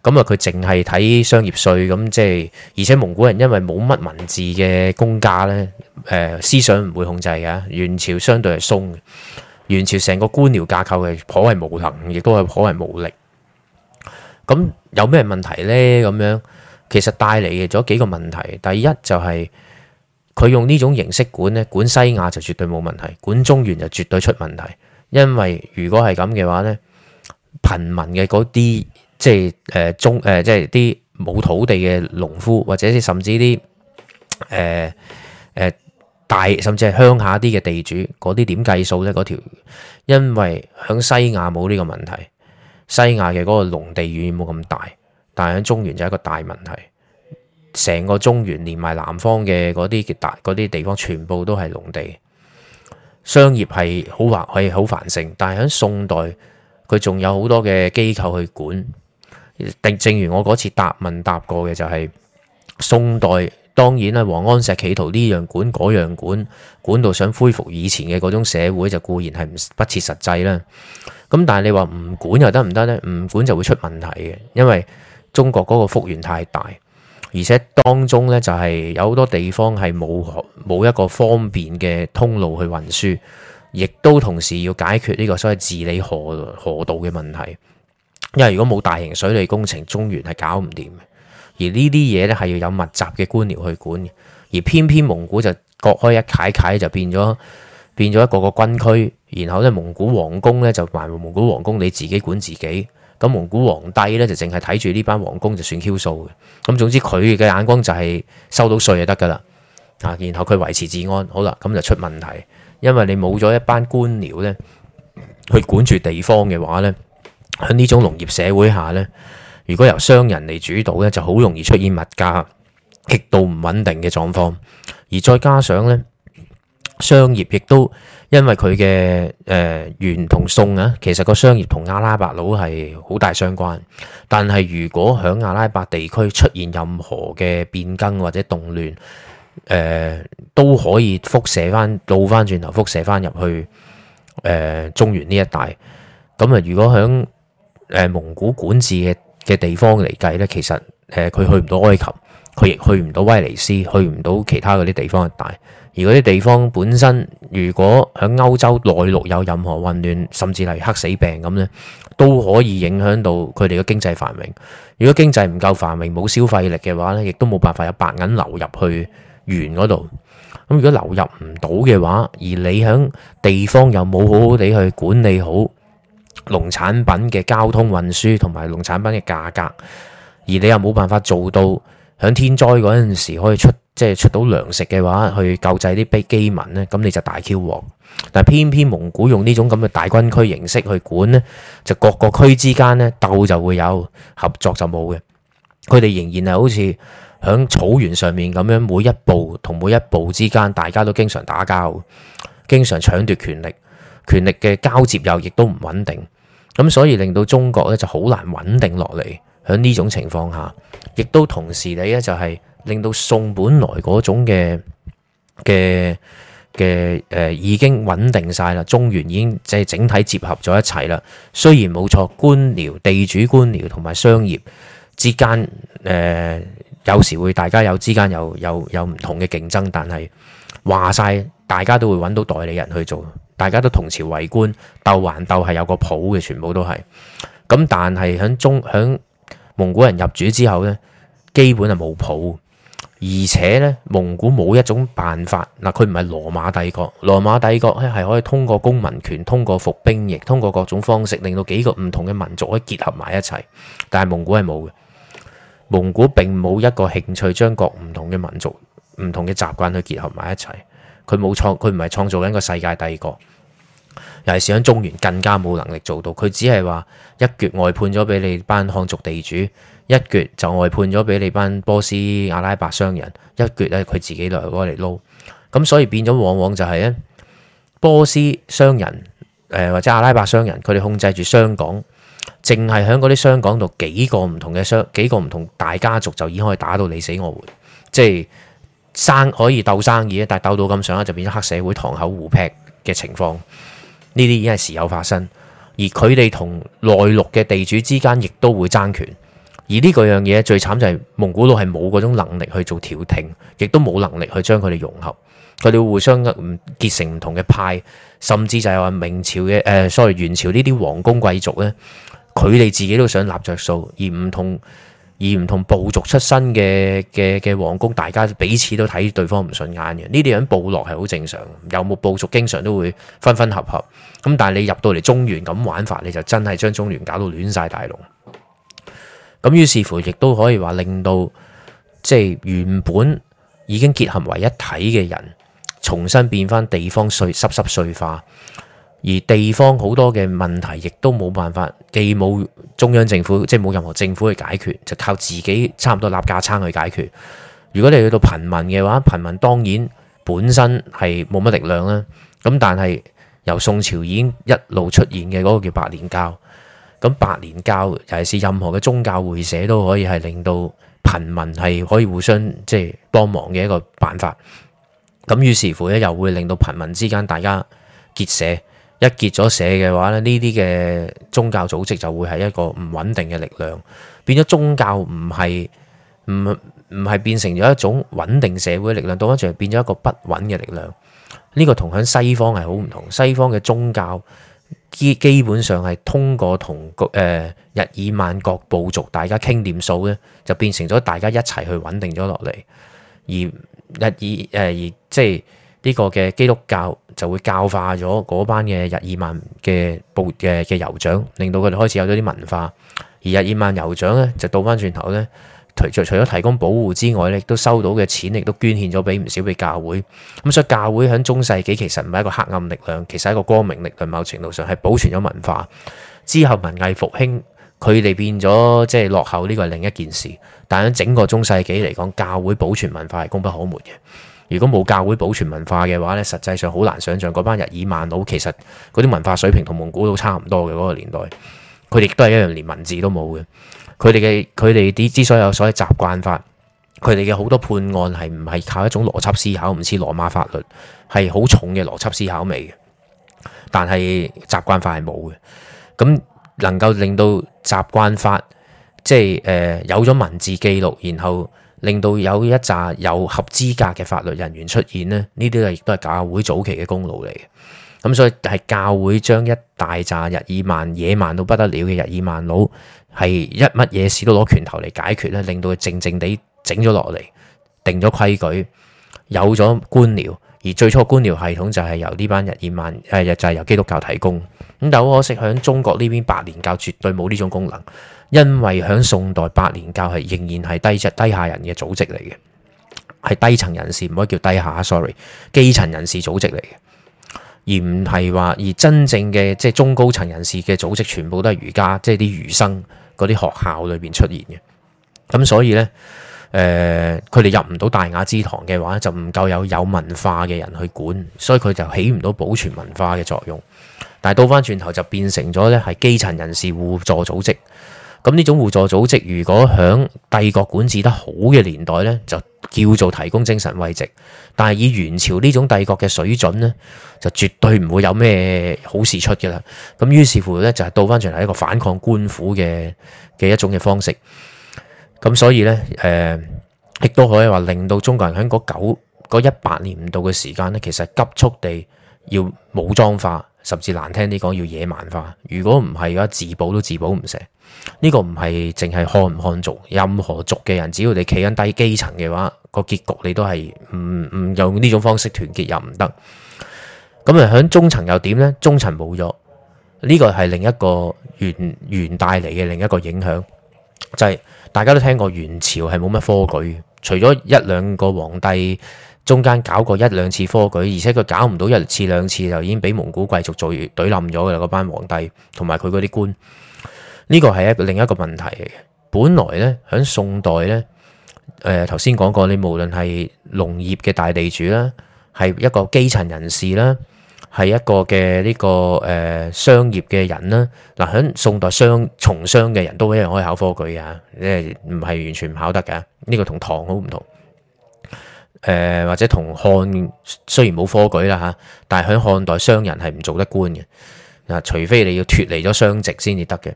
咁啊！佢淨係睇商業稅，咁即係而且蒙古人因為冇乜文字嘅公價呢，誒思想唔會控制㗎。元朝相對係鬆嘅，元朝成個官僚架構係頗為無能，亦都係頗為無力。咁有咩問題呢？咁樣其實帶嚟咗幾個問題。第一就係佢用呢種形式管呢，管西亞就絕對冇問題，管中原就絕對出問題。因為如果係咁嘅話呢，貧民嘅嗰啲。即係誒中誒，即係啲冇土地嘅農夫，或者甚至啲誒誒大，甚至係鄉下啲嘅地主，嗰啲點計數呢？嗰條，因為響西亞冇呢個問題，西亞嘅嗰個農地遠冇咁大，但係喺中原就係一個大問題。成個中原連埋南方嘅嗰啲大啲地方，全部都係農地。商業係好繁係好繁盛，但係喺宋代佢仲有好多嘅機構去管。正如我嗰次答問答過嘅，就係宋代當然啦，王安石企圖呢樣管嗰樣管，管到想恢復以前嘅嗰種社會，就固然係唔不，不切實際啦。咁但係你話唔管又得唔得呢？唔管就會出問題嘅，因為中國嗰個幅員太大，而且當中呢，就係有好多地方係冇冇一個方便嘅通路去運輸，亦都同時要解決呢個所謂治理河河道嘅問題。因為如果冇大型水利工程，中原係搞唔掂。而呢啲嘢呢，係要有密集嘅官僚去管。而偏偏蒙古就割開一塊塊，就變咗變咗一個個軍區。然後咧，蒙古王公呢，就埋，蒙古王公你自己管自己。咁蒙古皇帝呢，就淨係睇住呢班王公就算 Q 數嘅。咁總之佢嘅眼光就係收到稅就得噶啦。啊，然後佢維持治安，好啦，咁就出問題。因為你冇咗一班官僚呢，去管住地方嘅話呢。喺呢種農業社會下呢，如果由商人嚟主導呢，就好容易出現物價極度唔穩定嘅狀況。而再加上呢，商業亦都因為佢嘅誒元同宋啊，其實個商業同阿拉伯佬係好大相關。但係如果喺阿拉伯地區出現任何嘅變更或者動亂，誒、呃、都可以輻射翻倒翻轉頭輻射翻入去誒、呃、中原呢一帶。咁啊，如果喺誒、呃、蒙古管治嘅嘅地方嚟計呢，其實誒佢、呃、去唔到埃及，佢亦去唔到威尼斯，去唔到其他嗰啲地方嘅大。而嗰啲地方本身，如果喺歐洲內陸有任何混亂，甚至係黑死病咁呢，都可以影響到佢哋嘅經濟繁榮。如果經濟唔夠繁榮，冇消費力嘅話呢，亦都冇辦法有白銀流入去元嗰度。咁如果流入唔到嘅話，而你喺地方又冇好好地去管理好。農產品嘅交通運輸同埋農產品嘅價格，而你又冇辦法做到喺天災嗰陣時可以出即係、就是、出到糧食嘅話，去救濟啲悲饑民咧，咁你就大 Q 鑊。但係偏偏蒙古用呢種咁嘅大軍區形式去管呢，就各個區之間咧鬥就會有，合作就冇嘅。佢哋仍然係好似喺草原上面咁樣，每一部同每一部之間大家都經常打交，經常搶奪權力。權力嘅交接又亦都唔穩定，咁、嗯、所以令到中國咧就好難穩定落嚟。喺呢種情況下，亦都同時咧就係、是、令到宋本來嗰種嘅嘅嘅誒已經穩定晒啦，中原已經即係整體結合咗一齊啦。雖然冇錯，官僚、地主、官僚同埋商業之間誒、呃、有時會大家有之間有有有唔同嘅競爭，但係話晒大家都會揾到代理人去做。大家都同朝為官，鬥還鬥，係有個譜嘅，全部都係。咁，但係喺中喺蒙古人入主之後呢，基本係冇譜，而且呢，蒙古冇一種辦法嗱，佢唔係羅馬帝國，羅馬帝國咧係可以通過公民權、通過服兵役、通過各種方式令到幾個唔同嘅民族可以結合埋一齊，但係蒙古係冇嘅。蒙古並冇一個興趣將各唔同嘅民族、唔同嘅習慣去結合埋一齊。佢冇創，佢唔係創造緊個世界帝國，尤其是喺中原更加冇能力做到。佢只係話一橛外判咗俾你班漢族地主，一橛就外判咗俾你班波斯阿拉伯商人，一橛咧佢自己嚟攞嚟撈。咁、嗯、所以變咗往往就係、是、咧，波斯商人誒、呃、或者阿拉伯商人，佢哋控制住商港，淨係喺嗰啲商港度幾個唔同嘅商幾個唔同大家族就已經可以打到你死我活，即係。生可以鬥生意咧，但係鬥到咁上下就變咗黑社會堂口互劈嘅情況。呢啲已經係時有發生，而佢哋同內陸嘅地主之間亦都會爭權。而呢個樣嘢最慘就係蒙古佬係冇嗰種能力去做調停，亦都冇能力去將佢哋融合。佢哋互相結成唔同嘅派，甚至就係話明朝嘅誒、呃，所謂元朝呢啲皇宮貴族呢佢哋自己都想立着數，而唔同。而唔同部族出身嘅嘅嘅王公，大家彼此都睇對方唔順眼嘅呢啲人，部落係好正常，有冇部族經常都會分分合合咁，但係你入到嚟中原咁玩法，你就真係將中原搞到亂晒大龍咁。於是乎亦都可以話令到即係原本已經結合為一體嘅人，重新變翻地方碎濕濕碎化。而地方好多嘅問題亦都冇辦法，既冇中央政府，即係冇任何政府去解決，就靠自己差唔多立架撐去解決。如果你去到貧民嘅話，貧民當然本身係冇乜力量啦。咁但係由宋朝已經一路出現嘅嗰個叫白蓮教，咁白蓮教尤其是任何嘅宗教會社都可以係令到貧民係可以互相即係幫忙嘅一個辦法。咁於是乎咧，又會令到貧民之間大家結社。一結咗社嘅話咧，呢啲嘅宗教組織就會係一個唔穩定嘅力量，變咗宗教唔係唔唔係變成咗一種穩定社會嘅力量，到一陣變咗一個不穩嘅力量。呢、這個同喺西方係好唔同，西方嘅宗教基基本上係通過同、呃、日耳曼日耳曼各部族大家傾掂數咧，就變成咗大家一齊去穩定咗落嚟，而日耳誒而即係。呢個嘅基督教就會教化咗嗰班嘅日耳曼嘅部嘅嘅酋長，令到佢哋開始有咗啲文化。而日耳曼酋長咧就倒翻轉頭咧，除咗提供保護之外咧，亦都收到嘅錢，亦都捐獻咗俾唔少俾教會。咁、嗯、所以教會喺中世紀其實唔係一個黑暗力量，其實係一個光明力量。某程度上係保存咗文化。之後文藝復興，佢哋變咗即係落後呢、呢個係另一件事。但喺整個中世紀嚟講，教會保存文化係功不可沒嘅。如果冇教會保存文化嘅話咧，實際上好難想像嗰班日耳曼佬其實嗰啲文化水平同蒙古佬差唔多嘅嗰、那個年代，佢哋都係一樣連文字都冇嘅。佢哋嘅佢哋啲之所以有所謂習慣法，佢哋嘅好多判案係唔係靠一種邏輯思考，唔似羅馬法律係好重嘅邏輯思考味嘅，但係習慣法係冇嘅。咁能夠令到習慣法即係誒、呃、有咗文字記錄，然後。令到有一扎有合資格嘅法律人員出現咧，呢啲咧亦都係教會早期嘅功勞嚟嘅。咁所以係教會將一大扎日耳曼野蠻到不得了嘅日耳曼佬，係一乜嘢事都攞拳頭嚟解決咧，令到佢靜靜地整咗落嚟，定咗規矩，有咗官僚。而最初官僚系統就係由呢班日耳曼，誒、呃、就係、是、由基督教提供。咁但好可惜響中國呢邊，白蓮教絕對冇呢種功能，因為響宋代白蓮教係仍然係低低下人嘅組織嚟嘅，係低層人士唔可以叫低下，sorry，基層人士組織嚟嘅，而唔係話而真正嘅即係中高層人士嘅組織，全部都係儒家，即係啲儒生嗰啲學校裏邊出現嘅。咁所以呢，誒、呃，佢哋入唔到大雅之堂嘅話，就唔夠有有文化嘅人去管，所以佢就起唔到保存文化嘅作用。但係倒翻轉頭就變成咗咧，係基層人士互助組織。咁呢種互助組織，如果響帝國管治得好嘅年代咧，就叫做提供精神慰藉。但係以元朝呢種帝國嘅水準咧，就絕對唔會有咩好事出嘅啦。咁於是乎咧，就係倒翻轉頭一個反抗官府嘅嘅一種嘅方式。咁所以咧，誒、呃、亦都可以話令到中國人喺嗰九嗰一百年唔到嘅時間咧，其實急速地要武裝化。甚至難聽啲講要野蠻化，如果唔係而家自保都自保唔成。呢個唔係淨係漢唔漢族，任何族嘅人，只要你企緊低基層嘅話，個結局你都係唔唔用呢種方式團結又唔得。咁啊，喺中層又點呢？中層冇咗，呢個係另一個元元帶嚟嘅另一個影響，就係大家都聽過元朝係冇乜科舉，除咗一兩個皇帝。中間搞過一兩次科舉，而且佢搞唔到一次兩次就已經俾蒙古貴族做懟冧咗嘅嗰班皇帝同埋佢嗰啲官，呢個係一個另一個問題嚟嘅。本來呢，喺宋代呢，誒頭先講過，你無論係農業嘅大地主啦，係一個基層人士啦，係一個嘅呢個誒、呃、商業嘅人啦，嗱、呃、喺宋代商從商嘅人都一樣可以考科舉啊，即係唔係完全唔考得嘅？呢個同唐好唔同。誒、呃、或者同漢雖然冇科舉啦嚇，但係喺漢代商人係唔做得官嘅。嗱，除非你要脱離咗商籍先至得嘅。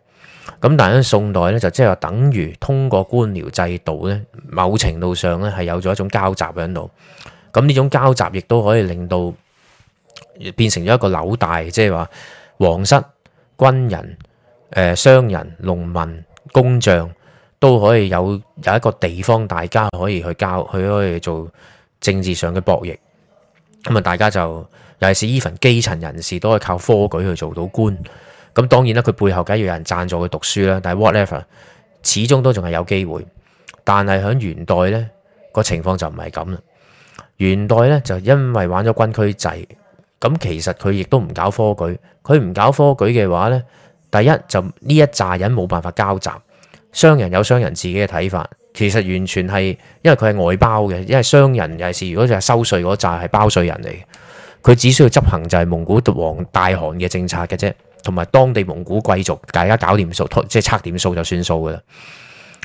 咁但係喺宋代咧就即係話，等於通過官僚制度咧，某程度上咧係有咗一種交集喺度。咁呢種交集亦都可以令到變成咗一個紐帶，即係話皇室、軍人、誒、呃、商人、農民、工匠都可以有有一個地方，大家可以去交，佢可以做政治上嘅博弈，咁啊大家就尤其是呢份基層人士，都係靠科舉去做到官。咁當然啦，佢背後梗要有人贊助佢讀書啦。但係 whatever，始終都仲係有機會。但係喺元代呢個情況就唔係咁啦。元代呢就因為玩咗軍區制，咁其實佢亦都唔搞科舉。佢唔搞科舉嘅話呢，第一就呢一紮人冇辦法交集。商人有商人自己嘅睇法，其實完全係因為佢係外包嘅，因為商人尤其是如果就係收稅嗰扎係包稅人嚟嘅，佢只需要執行就係蒙古王大汗嘅政策嘅啫，同埋當地蒙古貴族大家搞掂數，即係測點數就算數噶啦。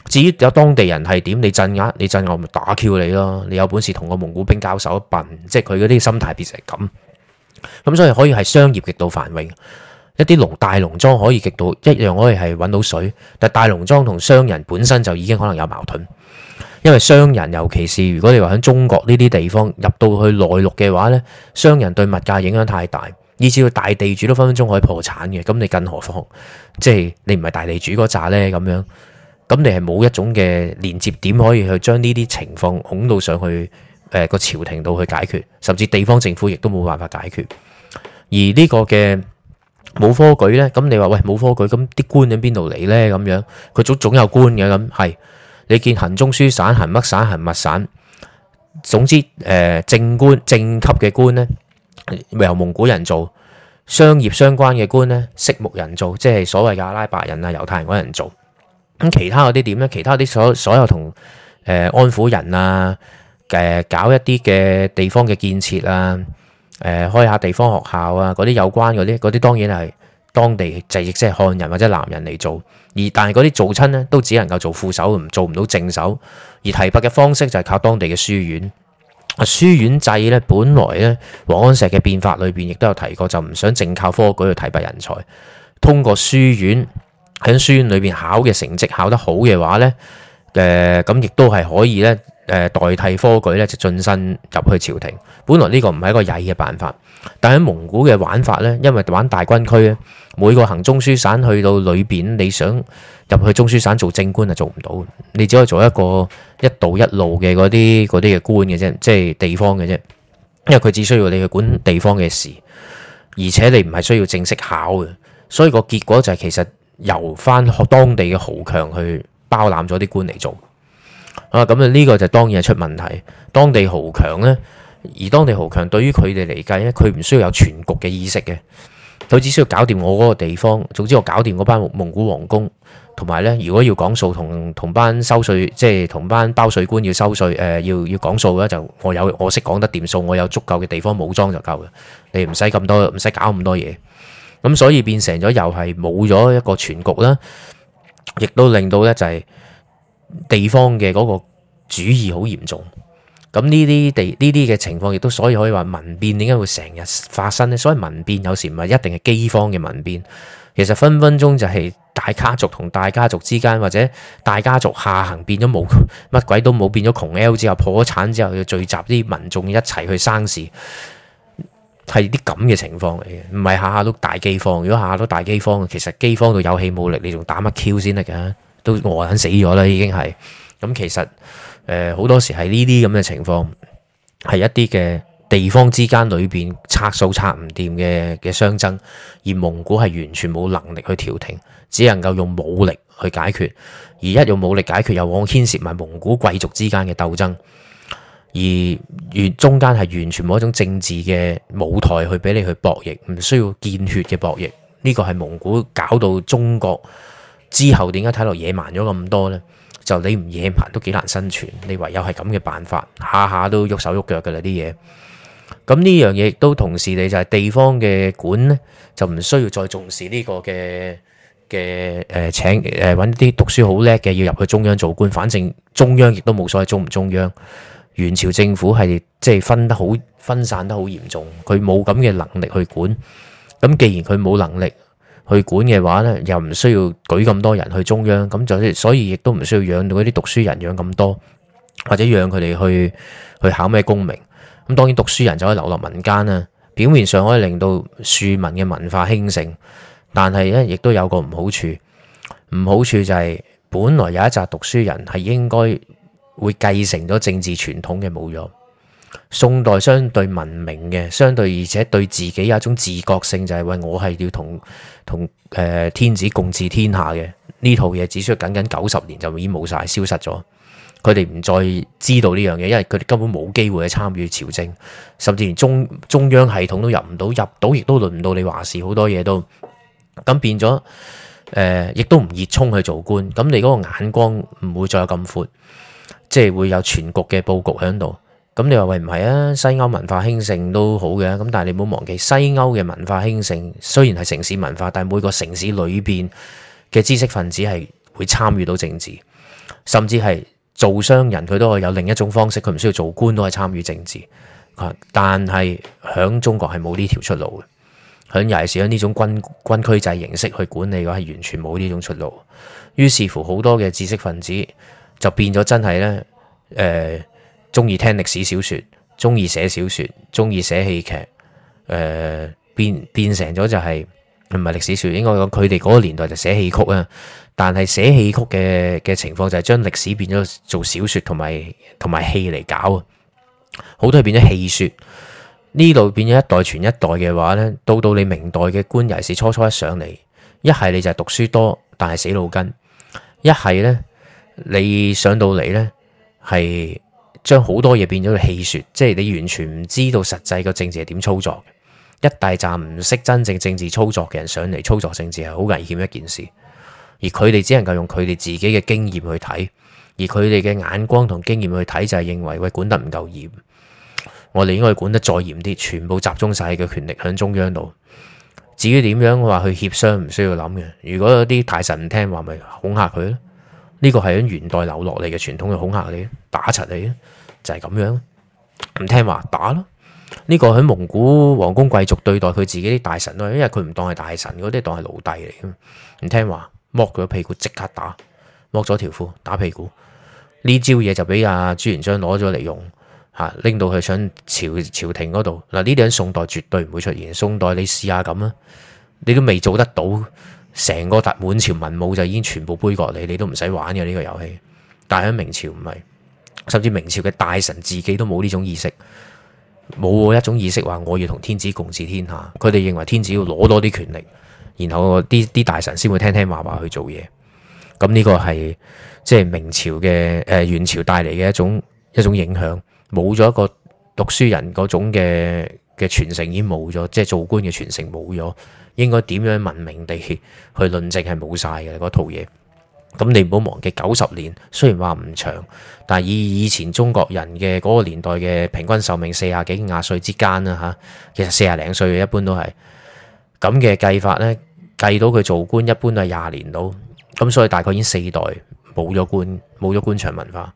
至於有當地人係點，你鎮壓你鎮壓我咪打 Q 你咯，你有本事同個蒙古兵交手一笨，即係佢嗰啲心態變成咁，咁所以可以係商業極度繁榮。一啲農大農莊可以極到一樣可以係搵到水，但大農莊同商人本身就已經可能有矛盾，因為商人尤其是如果你話喺中國呢啲地方入到去內陸嘅話咧，商人對物價影響太大，以至到大地主都分分鐘可以破產嘅。咁你更何況？即、就、係、是、你唔係大地主嗰紮呢？咁樣，咁你係冇一種嘅連接點可以去將呢啲情況恐到上去誒個、呃、朝廷度去解決，甚至地方政府亦都冇辦法解決。而呢個嘅。冇科舉呢？咁你話喂冇科舉，咁啲官喺邊度嚟呢？咁樣佢總總有官嘅，咁係你見行中書省、行乜省、行乜省，總之誒、呃、正官正級嘅官呢，由蒙古人做；商業相關嘅官呢，色目人做，即係所謂嘅阿拉伯人啊、猶太人嗰人做。咁其他嗰啲點呢？其他嗰啲所所有同、呃、安撫人啊，誒搞一啲嘅地方嘅建設啊。誒開下地方學校啊，嗰啲有關嗰啲嗰啲，當然係當地就亦即係漢人或者南人嚟做，而但係嗰啲做親呢，都只能夠做副手，唔做唔到正手。而提拔嘅方式就係靠當地嘅書院。書院制呢，本來呢，王安石嘅變法裏邊亦都有提過，就唔想淨靠科舉去提拔人才，通過書院喺書院裏邊考嘅成績考得好嘅話呢，誒咁亦都係可以呢。呃、代替科舉咧，就進身入去朝廷。本來呢個唔係一個曳嘅辦法，但喺蒙古嘅玩法呢，因為玩大軍區咧，每個行中書省去到裏邊，你想入去中書省做正官係做唔到。你只可以做一個一道一路嘅嗰啲嗰啲嘅官嘅啫，即係地方嘅啫。因為佢只需要你去管地方嘅事，而且你唔係需要正式考嘅，所以個結果就係其實由翻當地嘅豪強去包攬咗啲官嚟做。啊，咁啊，呢個就當然係出問題。當地豪強呢，而當地豪強對於佢哋嚟計咧，佢唔需要有全局嘅意識嘅，佢只需要搞掂我嗰個地方。總之，我搞掂嗰班蒙古王公，同埋呢，如果要講數同同班收稅，即係同班包稅官要收稅，誒、呃，要要講數嘅，就我有我識講得掂數，我有足夠嘅地方武裝就夠嘅，你唔使咁多，唔使搞咁多嘢。咁、嗯、所以變成咗又係冇咗一個全局啦，亦都令到呢就係、是。地方嘅嗰個主義好嚴重，咁呢啲地呢啲嘅情況亦都所以，可以話民變點解會成日發生呢？所謂民變有時唔係一定係飢荒嘅民變，其實分分鐘就係大家族同大家族之間，或者大家族下行變咗冇乜鬼都冇，變咗窮 L 之後破咗產之後，要聚集啲民眾一齊去生事，係啲咁嘅情況嚟嘅，唔係下下都大飢荒。如果下下都大飢荒，其實飢荒到有氣冇力，你仲打乜 Q 先得噶？都餓、呃、人死咗啦，已經係咁。其實誒好、呃、多時係呢啲咁嘅情況，係一啲嘅地方之間裏邊拆數拆唔掂嘅嘅相爭，而蒙古係完全冇能力去調停，只能夠用武力去解決。而一用武力解決，又往牽涉埋蒙古貴族之間嘅鬥爭，而完中間係完全冇一種政治嘅舞台去俾你去博弈，唔需要見血嘅博弈。呢、這個係蒙古搞到中國。之後點解睇落野蠻咗咁多呢？就你唔野蠻都幾難生存，你唯有係咁嘅辦法，下下都喐手喐腳㗎喇啲嘢。咁呢樣嘢亦都同時，你就係地方嘅管呢就唔需要再重視呢個嘅嘅誒請誒揾啲讀書好叻嘅要入去中央做官，反正中央亦都冇所謂中唔中央。元朝政府係即係分得好分散得好嚴重，佢冇咁嘅能力去管。咁既然佢冇能力，去管嘅話呢，又唔需要舉咁多人去中央咁，就所以亦都唔需要養到嗰啲讀書人養咁多，或者養佢哋去去考咩功名咁。當然讀書人就可以流落民間啦，表面上可以令到庶民嘅文化興盛，但係呢亦都有個唔好處，唔好處就係本來有一紮讀書人係應該會繼承咗政治傳統嘅，冇咗。宋代相對文明嘅，相對而且對自己有一種自覺性，就是，就係話我係要同同誒天子共治天下嘅呢套嘢，只需要僅僅九十年就已經冇晒消失咗。佢哋唔再知道呢樣嘢，因為佢哋根本冇機會去參與朝政，甚至連中中央系統都入唔到，入到亦都輪唔到你話事。好多嘢都咁變咗，誒、呃、亦都唔熱衷去做官。咁你嗰個眼光唔會再有咁闊，即係會有全局嘅布局響度。咁你話喂唔係啊？西歐文化興盛都好嘅，咁但係你唔好忘記西歐嘅文化興盛，雖然係城市文化，但係每個城市裏邊嘅知識分子係會參與到政治，甚至係做商人佢都係有另一種方式，佢唔需要做官都係參與政治。但係喺中國係冇呢條出路嘅，喺尤其是呢種軍軍區制形式去管理嘅話係完全冇呢種出路。於是乎好多嘅知識分子就變咗真係呢。誒、呃。中意聽歷史小說，中意寫小說，中意寫戲劇，誒、呃、變變成咗就係唔係歷史小說，應該講佢哋嗰個年代就寫戲曲啊。但係寫戲曲嘅嘅情況就係將歷史變咗做小說同埋同埋戲嚟搞啊。好多係變咗戲說呢度變咗一代傳一代嘅話呢，到到你明代嘅官，尤其是初初一上嚟，一係你就係讀書多，但係死腦筋；一係呢，你上到嚟呢，係。將好多嘢變咗個戲說，即係你完全唔知道實際個政治係點操作嘅。一大站唔識真正政治操作嘅人上嚟操作政治係好危險一件事，而佢哋只能夠用佢哋自己嘅經驗去睇，而佢哋嘅眼光同經驗去睇就係認為，喂，管得唔夠嚴，我哋應該管得再嚴啲，全部集中晒嘅權力喺中央度。至於點樣話去協商唔需要諗嘅，如果有啲大臣唔聽話咪恐嚇佢，呢個係喺元代留落嚟嘅傳統嘅恐嚇你，打柒你啊！就係咁樣，唔聽話打咯。呢、這個喺蒙古皇宮貴族對待佢自己啲大臣咯，因為佢唔當係大臣，嗰啲當係奴隸嚟。唔聽話，剝佢個屁股即刻打，剝咗條褲打屁股。呢招嘢就俾阿、啊、朱元璋攞咗嚟用吓，拎、啊、到去上朝朝廷嗰度。嗱，呢啲喺宋代絕對唔會出現。宋代你試下咁啊，你都未做得到，成個達滿朝文武就已經全部杯葛你，你都唔使玩嘅呢、這個遊戲。但喺明朝唔係。甚至明朝嘅大臣自己都冇呢種意識，冇一種意識話我要同天子共治天下。佢哋認為天子要攞多啲權力，然後啲啲大臣先會聽聽話話去做嘢。咁、嗯、呢、嗯、個係即係明朝嘅誒、呃，元朝帶嚟嘅一種一種影響，冇咗一個讀書人嗰種嘅嘅傳承，已經冇咗，即係做官嘅傳承冇咗。應該點樣文明地去論證係冇晒嘅嗰套嘢。咁你唔好忘記，九十年雖然話唔長，但係以以前中國人嘅嗰個年代嘅平均壽命四十幾五十歲之間啊，嚇，其實四十零歲嘅一般都係咁嘅計法咧，計到佢做官一般都係廿年到，咁所以大概已經四代冇咗官冇咗官場文化，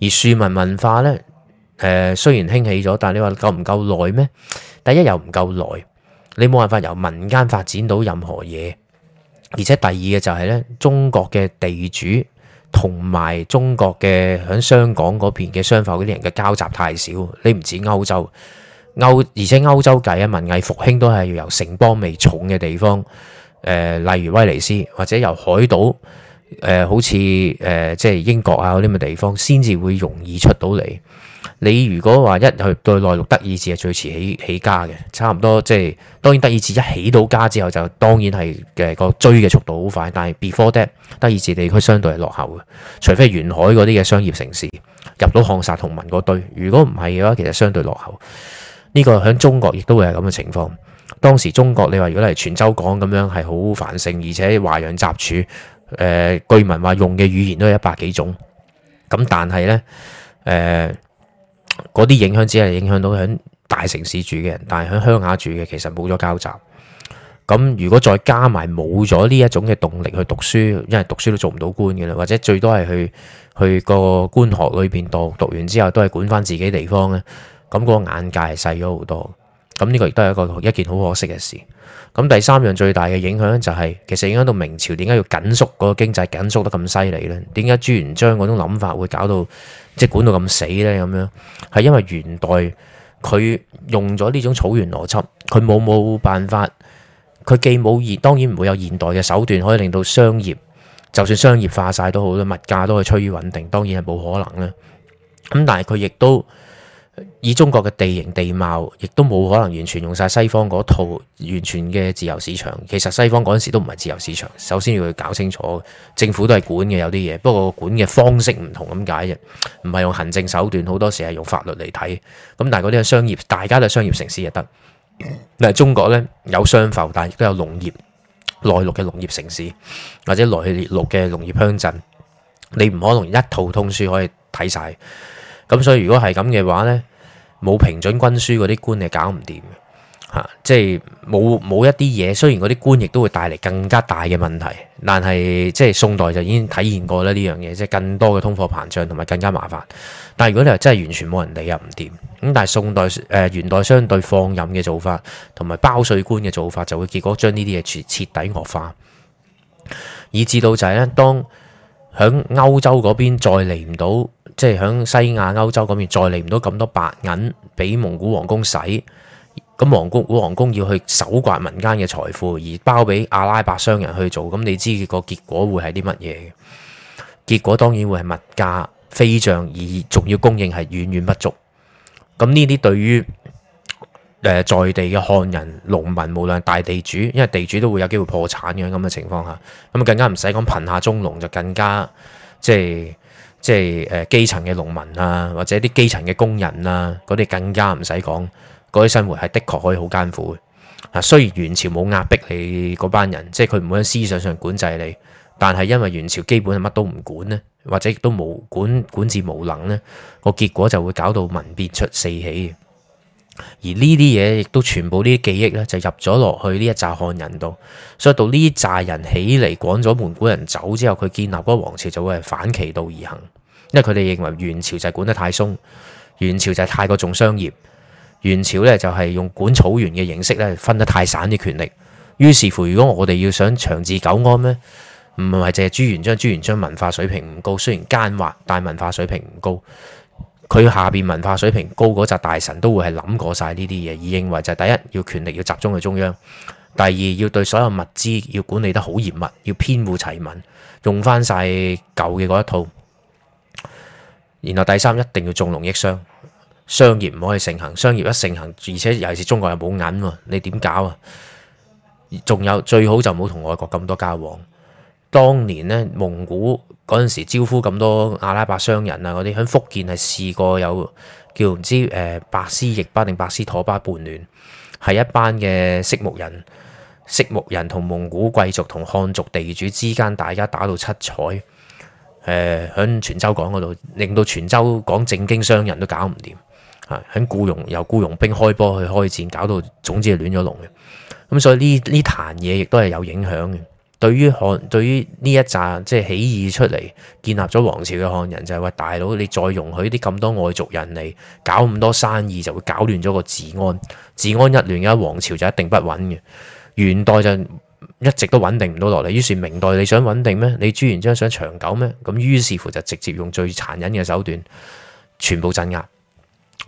而庶民文化咧，誒雖然興起咗，但係你話夠唔夠耐咩？第一又唔夠耐，你冇辦法由民間發展到任何嘢。而且第二嘅就係咧，中國嘅地主同埋中國嘅喺香港嗰邊嘅商埠嗰啲人嘅交集太少，你唔止歐洲歐，而且歐洲計啊，文藝復興都係要由城邦味重嘅地方，誒、呃，例如威尼斯或者由海島，誒、呃，好似誒、呃，即係英國啊嗰啲咁嘅地方，先至會容易出到嚟。你如果話一去對內陸德意志係最遲起起家嘅，差唔多即係當然德意志一起到家之後，就當然係嘅個追嘅速度好快。但係 before that 德意志地區相對係落後嘅，除非沿海嗰啲嘅商業城市入到漢薩同盟嗰堆。如果唔係嘅話，其實相對落後。呢個喺中國亦都會係咁嘅情況。當時中國你話如果係泉州港咁樣係好繁盛，而且華洋雜處，誒、呃、據聞話用嘅語言都係一百幾種。咁但係呢。誒、呃。嗰啲影響只係影響到響大城市住嘅人，但係響鄉下住嘅其實冇咗交集。咁如果再加埋冇咗呢一種嘅動力去讀書，因為讀書都做唔到官嘅啦，或者最多係去去個官學裏邊讀，讀完之後都係管翻自己地方嘅，咁個眼界係細咗好多。咁呢個亦都係一個一件好可惜嘅事。咁第三樣最大嘅影響就係，其實影響到明朝點解要緊縮嗰個經濟緊縮得咁犀利呢？點解朱元璋嗰種諗法會搞到即管到咁死呢？咁樣係因為元代佢用咗呢種草原邏輯，佢冇冇辦法，佢既冇現當然唔會有現代嘅手段可以令到商業，就算商業化晒都好，都物價都可以趨於穩定，當然係冇可能咧。咁但係佢亦都。以中國嘅地形地貌，亦都冇可能完全用晒西方嗰套完全嘅自由市場。其實西方嗰陣時都唔係自由市場，首先要搞清楚，政府都係管嘅有啲嘢，不過管嘅方式唔同咁解啫，唔係用行政手段，好多時係用法律嚟睇。咁但係嗰啲係商業，大家都係商業城市就得。但係中國呢？有商埠，但係亦都有農業內陸嘅農業城市，或者內陸嘅農業鄉鎮，你唔可能一套通書可以睇晒。咁所以如果係咁嘅話呢，冇平準均輸嗰啲官係搞唔掂嘅嚇，即係冇冇一啲嘢。雖然嗰啲官亦都會帶嚟更加大嘅問題，但係即係宋代就已經體現過咧呢樣嘢，即係更多嘅通貨膨脹同埋更加麻煩。但係如果你話真係完全冇人理又唔掂，咁、啊、但係宋代誒、呃、元代相對放任嘅做法，同埋包稅官嘅做法，就會結果將呢啲嘢徹底惡化，以至到就係呢。當響歐洲嗰邊再嚟唔到。即係喺西亞、歐洲嗰邊再嚟唔到咁多白銀俾蒙古王宮使，咁皇宮古王宮要去搜刮民間嘅財富，而包俾阿拉伯商人去做，咁你知個結，結果會係啲乜嘢嘅？結果當然會係物價飛漲，而仲要供應係遠遠不足。咁呢啲對於誒在地嘅漢人農民，無論大地主，因為地主都會有機會破產嘅咁嘅情況下，咁更加唔使講貧下中農就更加即係。即係誒基層嘅農民啊，或者啲基層嘅工人啊，嗰啲更加唔使講，嗰啲生活係的確可以好艱苦嘅。啊，雖然元朝冇壓迫你嗰班人，即係佢唔會喺思想上管制你，但係因為元朝基本係乜都唔管咧，或者亦都冇管管治無能咧，個結果就會搞到民變出四起。而呢啲嘢亦都全部呢啲記憶咧，就入咗落去呢一紮漢人度，所以到呢扎人起嚟，趕咗蒙古人走之後，佢建立嗰個王朝就會係反其道而行，因為佢哋認為元朝就係管得太鬆，元朝就係太過重商業，元朝咧就係用管草原嘅形式咧分得太散啲權力，於是乎如果我哋要想長治久安呢，唔係淨係朱元璋，朱元璋文化水平唔高，雖然奸猾，但係文化水平唔高。佢下邊文化水平高嗰扎大臣都會係諗過晒呢啲嘢，而認為就係第一要權力要集中喺中央，第二要對所有物資要管理得好嚴密，要編戶齊民，用翻晒舊嘅嗰一套。然後第三一定要重農抑商，商業唔可以盛行，商業一盛行，而且尤其是中國又冇銀喎，你點搞啊？仲有最好就唔好同外國咁多交往。當年呢，蒙古。嗰陣時招呼咁多阿拉伯商人啊，嗰啲喺福建係試過有叫唔知誒白絲亦巴定白絲妥巴叛亂，係一班嘅色目人、色目人同蒙古貴族同漢族地主之間，大家打到七彩。誒、呃、喺泉州港嗰度，令到泉州港正經商人都搞唔掂啊！喺僱傭由僱傭兵開波去開戰，搞到總之係亂咗龍嘅。咁所以呢呢壇嘢亦都係有影響嘅。對於漢對於呢一紮即係起義出嚟建立咗皇朝嘅漢人就係話：大佬你再容許啲咁多外族人嚟搞咁多生意，就會搞亂咗個治安。治安一亂嘅話，皇朝就一定不穩嘅。元代就一直都穩定唔到落嚟，於是明代你想穩定咩？你朱元璋想長久咩？咁於是乎就直接用最殘忍嘅手段，全部鎮壓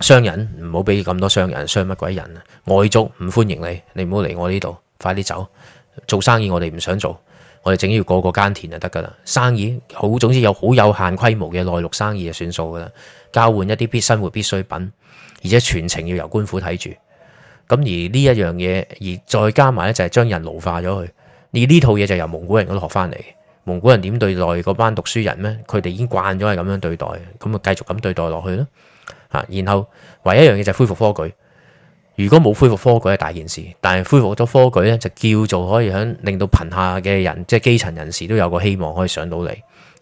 商人，唔好俾咁多商人、商乜鬼人啊！外族唔歡迎你，你唔好嚟我呢度，快啲走！做生意我哋唔想做，我哋整要個個耕田就得噶啦。生意好，總之有好有限規模嘅內陸生意就算數噶啦。交換一啲必生活必需品，而且全程要由官府睇住。咁而呢一樣嘢，而再加埋咧就係將人奴化咗去。而呢套嘢就由蒙古人嗰度學翻嚟。蒙古人點對待嗰班讀書人呢？佢哋已經慣咗係咁樣對待，咁啊繼續咁對待落去咯。啊，然後唯一一樣嘢就係恢復科舉。如果冇恢復科舉係大件事，但係恢復咗科舉咧，就叫做可以響令到貧下嘅人，即係基層人士都有個希望可以上到嚟。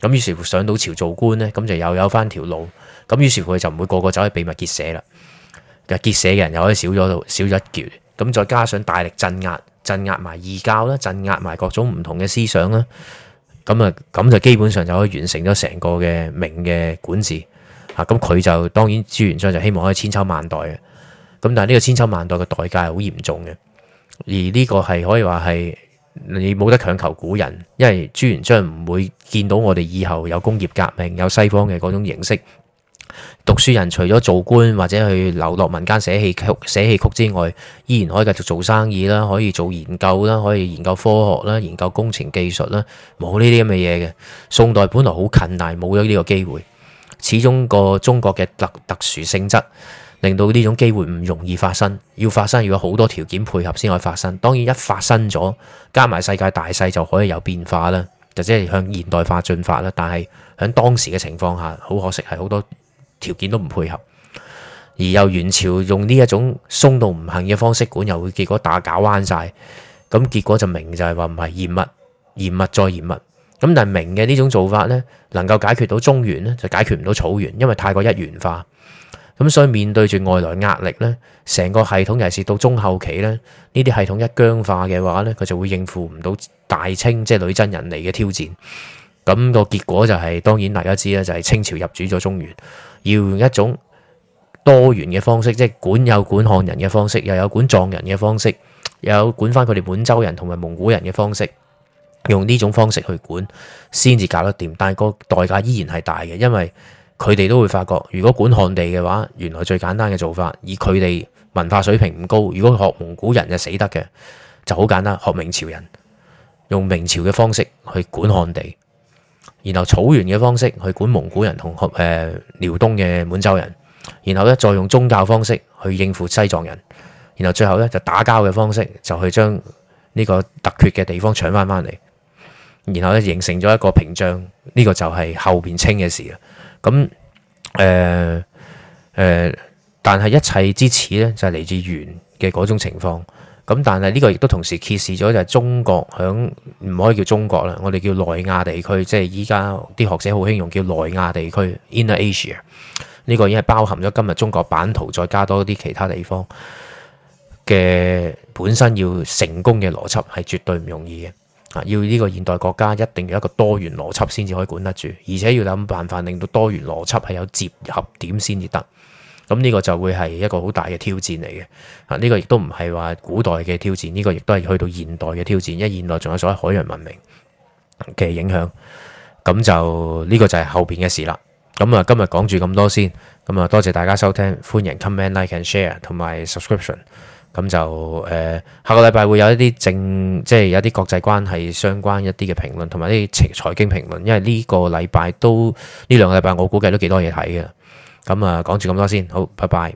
咁於是乎上到朝做官咧，咁就又有翻條路。咁於是乎佢就唔會個個走去秘密結社啦。結社嘅人又可以少咗少咗一橛。咁再加上大力鎮壓，鎮壓埋異教啦，鎮壓埋各種唔同嘅思想啦。咁啊，咁就基本上就可以完成咗成個嘅明嘅管治。啊，咁佢就當然朱元璋就希望可以千秋萬代。咁但係呢個千秋萬代嘅代價係好嚴重嘅，而呢個係可以話係你冇得強求古人，因為朱元璋唔會見到我哋以後有工業革命、有西方嘅嗰種形式。讀書人除咗做官或者去流落民間寫戲曲、寫戲曲之外，依然可以繼續做生意啦，可以做研究啦，可以研究科學啦，研究工程技術啦，冇呢啲咁嘅嘢嘅。宋代本來好近，但係冇咗呢個機會，始終個中國嘅特特殊性質。令到呢種機會唔容易發生，要發生要有好多條件配合先可以發生。當然一發生咗，加埋世界大勢就可以有變化啦，就即係向現代化進發啦。但係喺當時嘅情況下，好可惜係好多條件都唔配合，而又元朝用呢一種鬆到唔行嘅方式管，又會結果打搞彎晒。咁結果就明就係話唔係嚴密，嚴密再嚴密。咁但明嘅呢種做法呢，能夠解決到中原呢，就解決唔到草原，因為太過一元化。咁所以面對住外來壓力呢，成個系統尤其是到中後期呢，呢啲系統一僵化嘅話呢，佢就會應付唔到大清即係女真人嚟嘅挑戰。咁、那個結果就係、是、當然大家知咧，就係、是、清朝入主咗中原，要用一種多元嘅方式，即係管有管漢人嘅方式，又有管藏人嘅方式，又有管返佢哋滿洲人同埋蒙古人嘅方式，用呢種方式去管先至搞得掂。但係個代價依然係大嘅，因為佢哋都會發覺，如果管漢地嘅話，原來最簡單嘅做法，以佢哋文化水平唔高，如果學蒙古人就死得嘅，就好簡單學明朝人，用明朝嘅方式去管漢地，然後草原嘅方式去管蒙古人同學誒遼東嘅滿洲人，然後咧再用宗教方式去應付西藏人，然後最後咧就打交嘅方式就去將呢個突厥嘅地方搶翻翻嚟，然後咧形成咗一個屏障，呢個就係後邊清嘅事啦。咁誒誒，但係一切之始咧，就嚟自源嘅嗰種情況。咁但係呢個亦都同時揭示咗，就係中國響唔可以叫中國啦，我哋叫內亞地區，即係依家啲學者好興用叫內亞地區 （Inner Asia）。呢個已經係包含咗今日中國版圖，再加多啲其他地方嘅本身要成功嘅邏輯，係絕對唔容易嘅。啊！要呢個現代國家一定要一個多元邏輯先至可以管得住，而且要諗辦法令到多元邏輯係有接合點先至得。咁呢個就會係一個好大嘅挑戰嚟嘅。啊，呢個亦都唔係話古代嘅挑戰，呢個亦都係去到現代嘅挑戰，因為現代仲有所謂海洋文明嘅影響。咁就呢個就係後邊嘅事啦。咁啊，今日講住咁多先。咁啊，多謝大家收聽，歡迎 comment、like、share 同埋 subscription。咁就誒，下個禮拜會有一啲政，即係有啲國際關係相關一啲嘅評論，同埋啲財經評論。因為呢個禮拜都呢兩個禮拜，我估計都幾多嘢睇嘅。咁啊，講住咁多先，好，拜拜。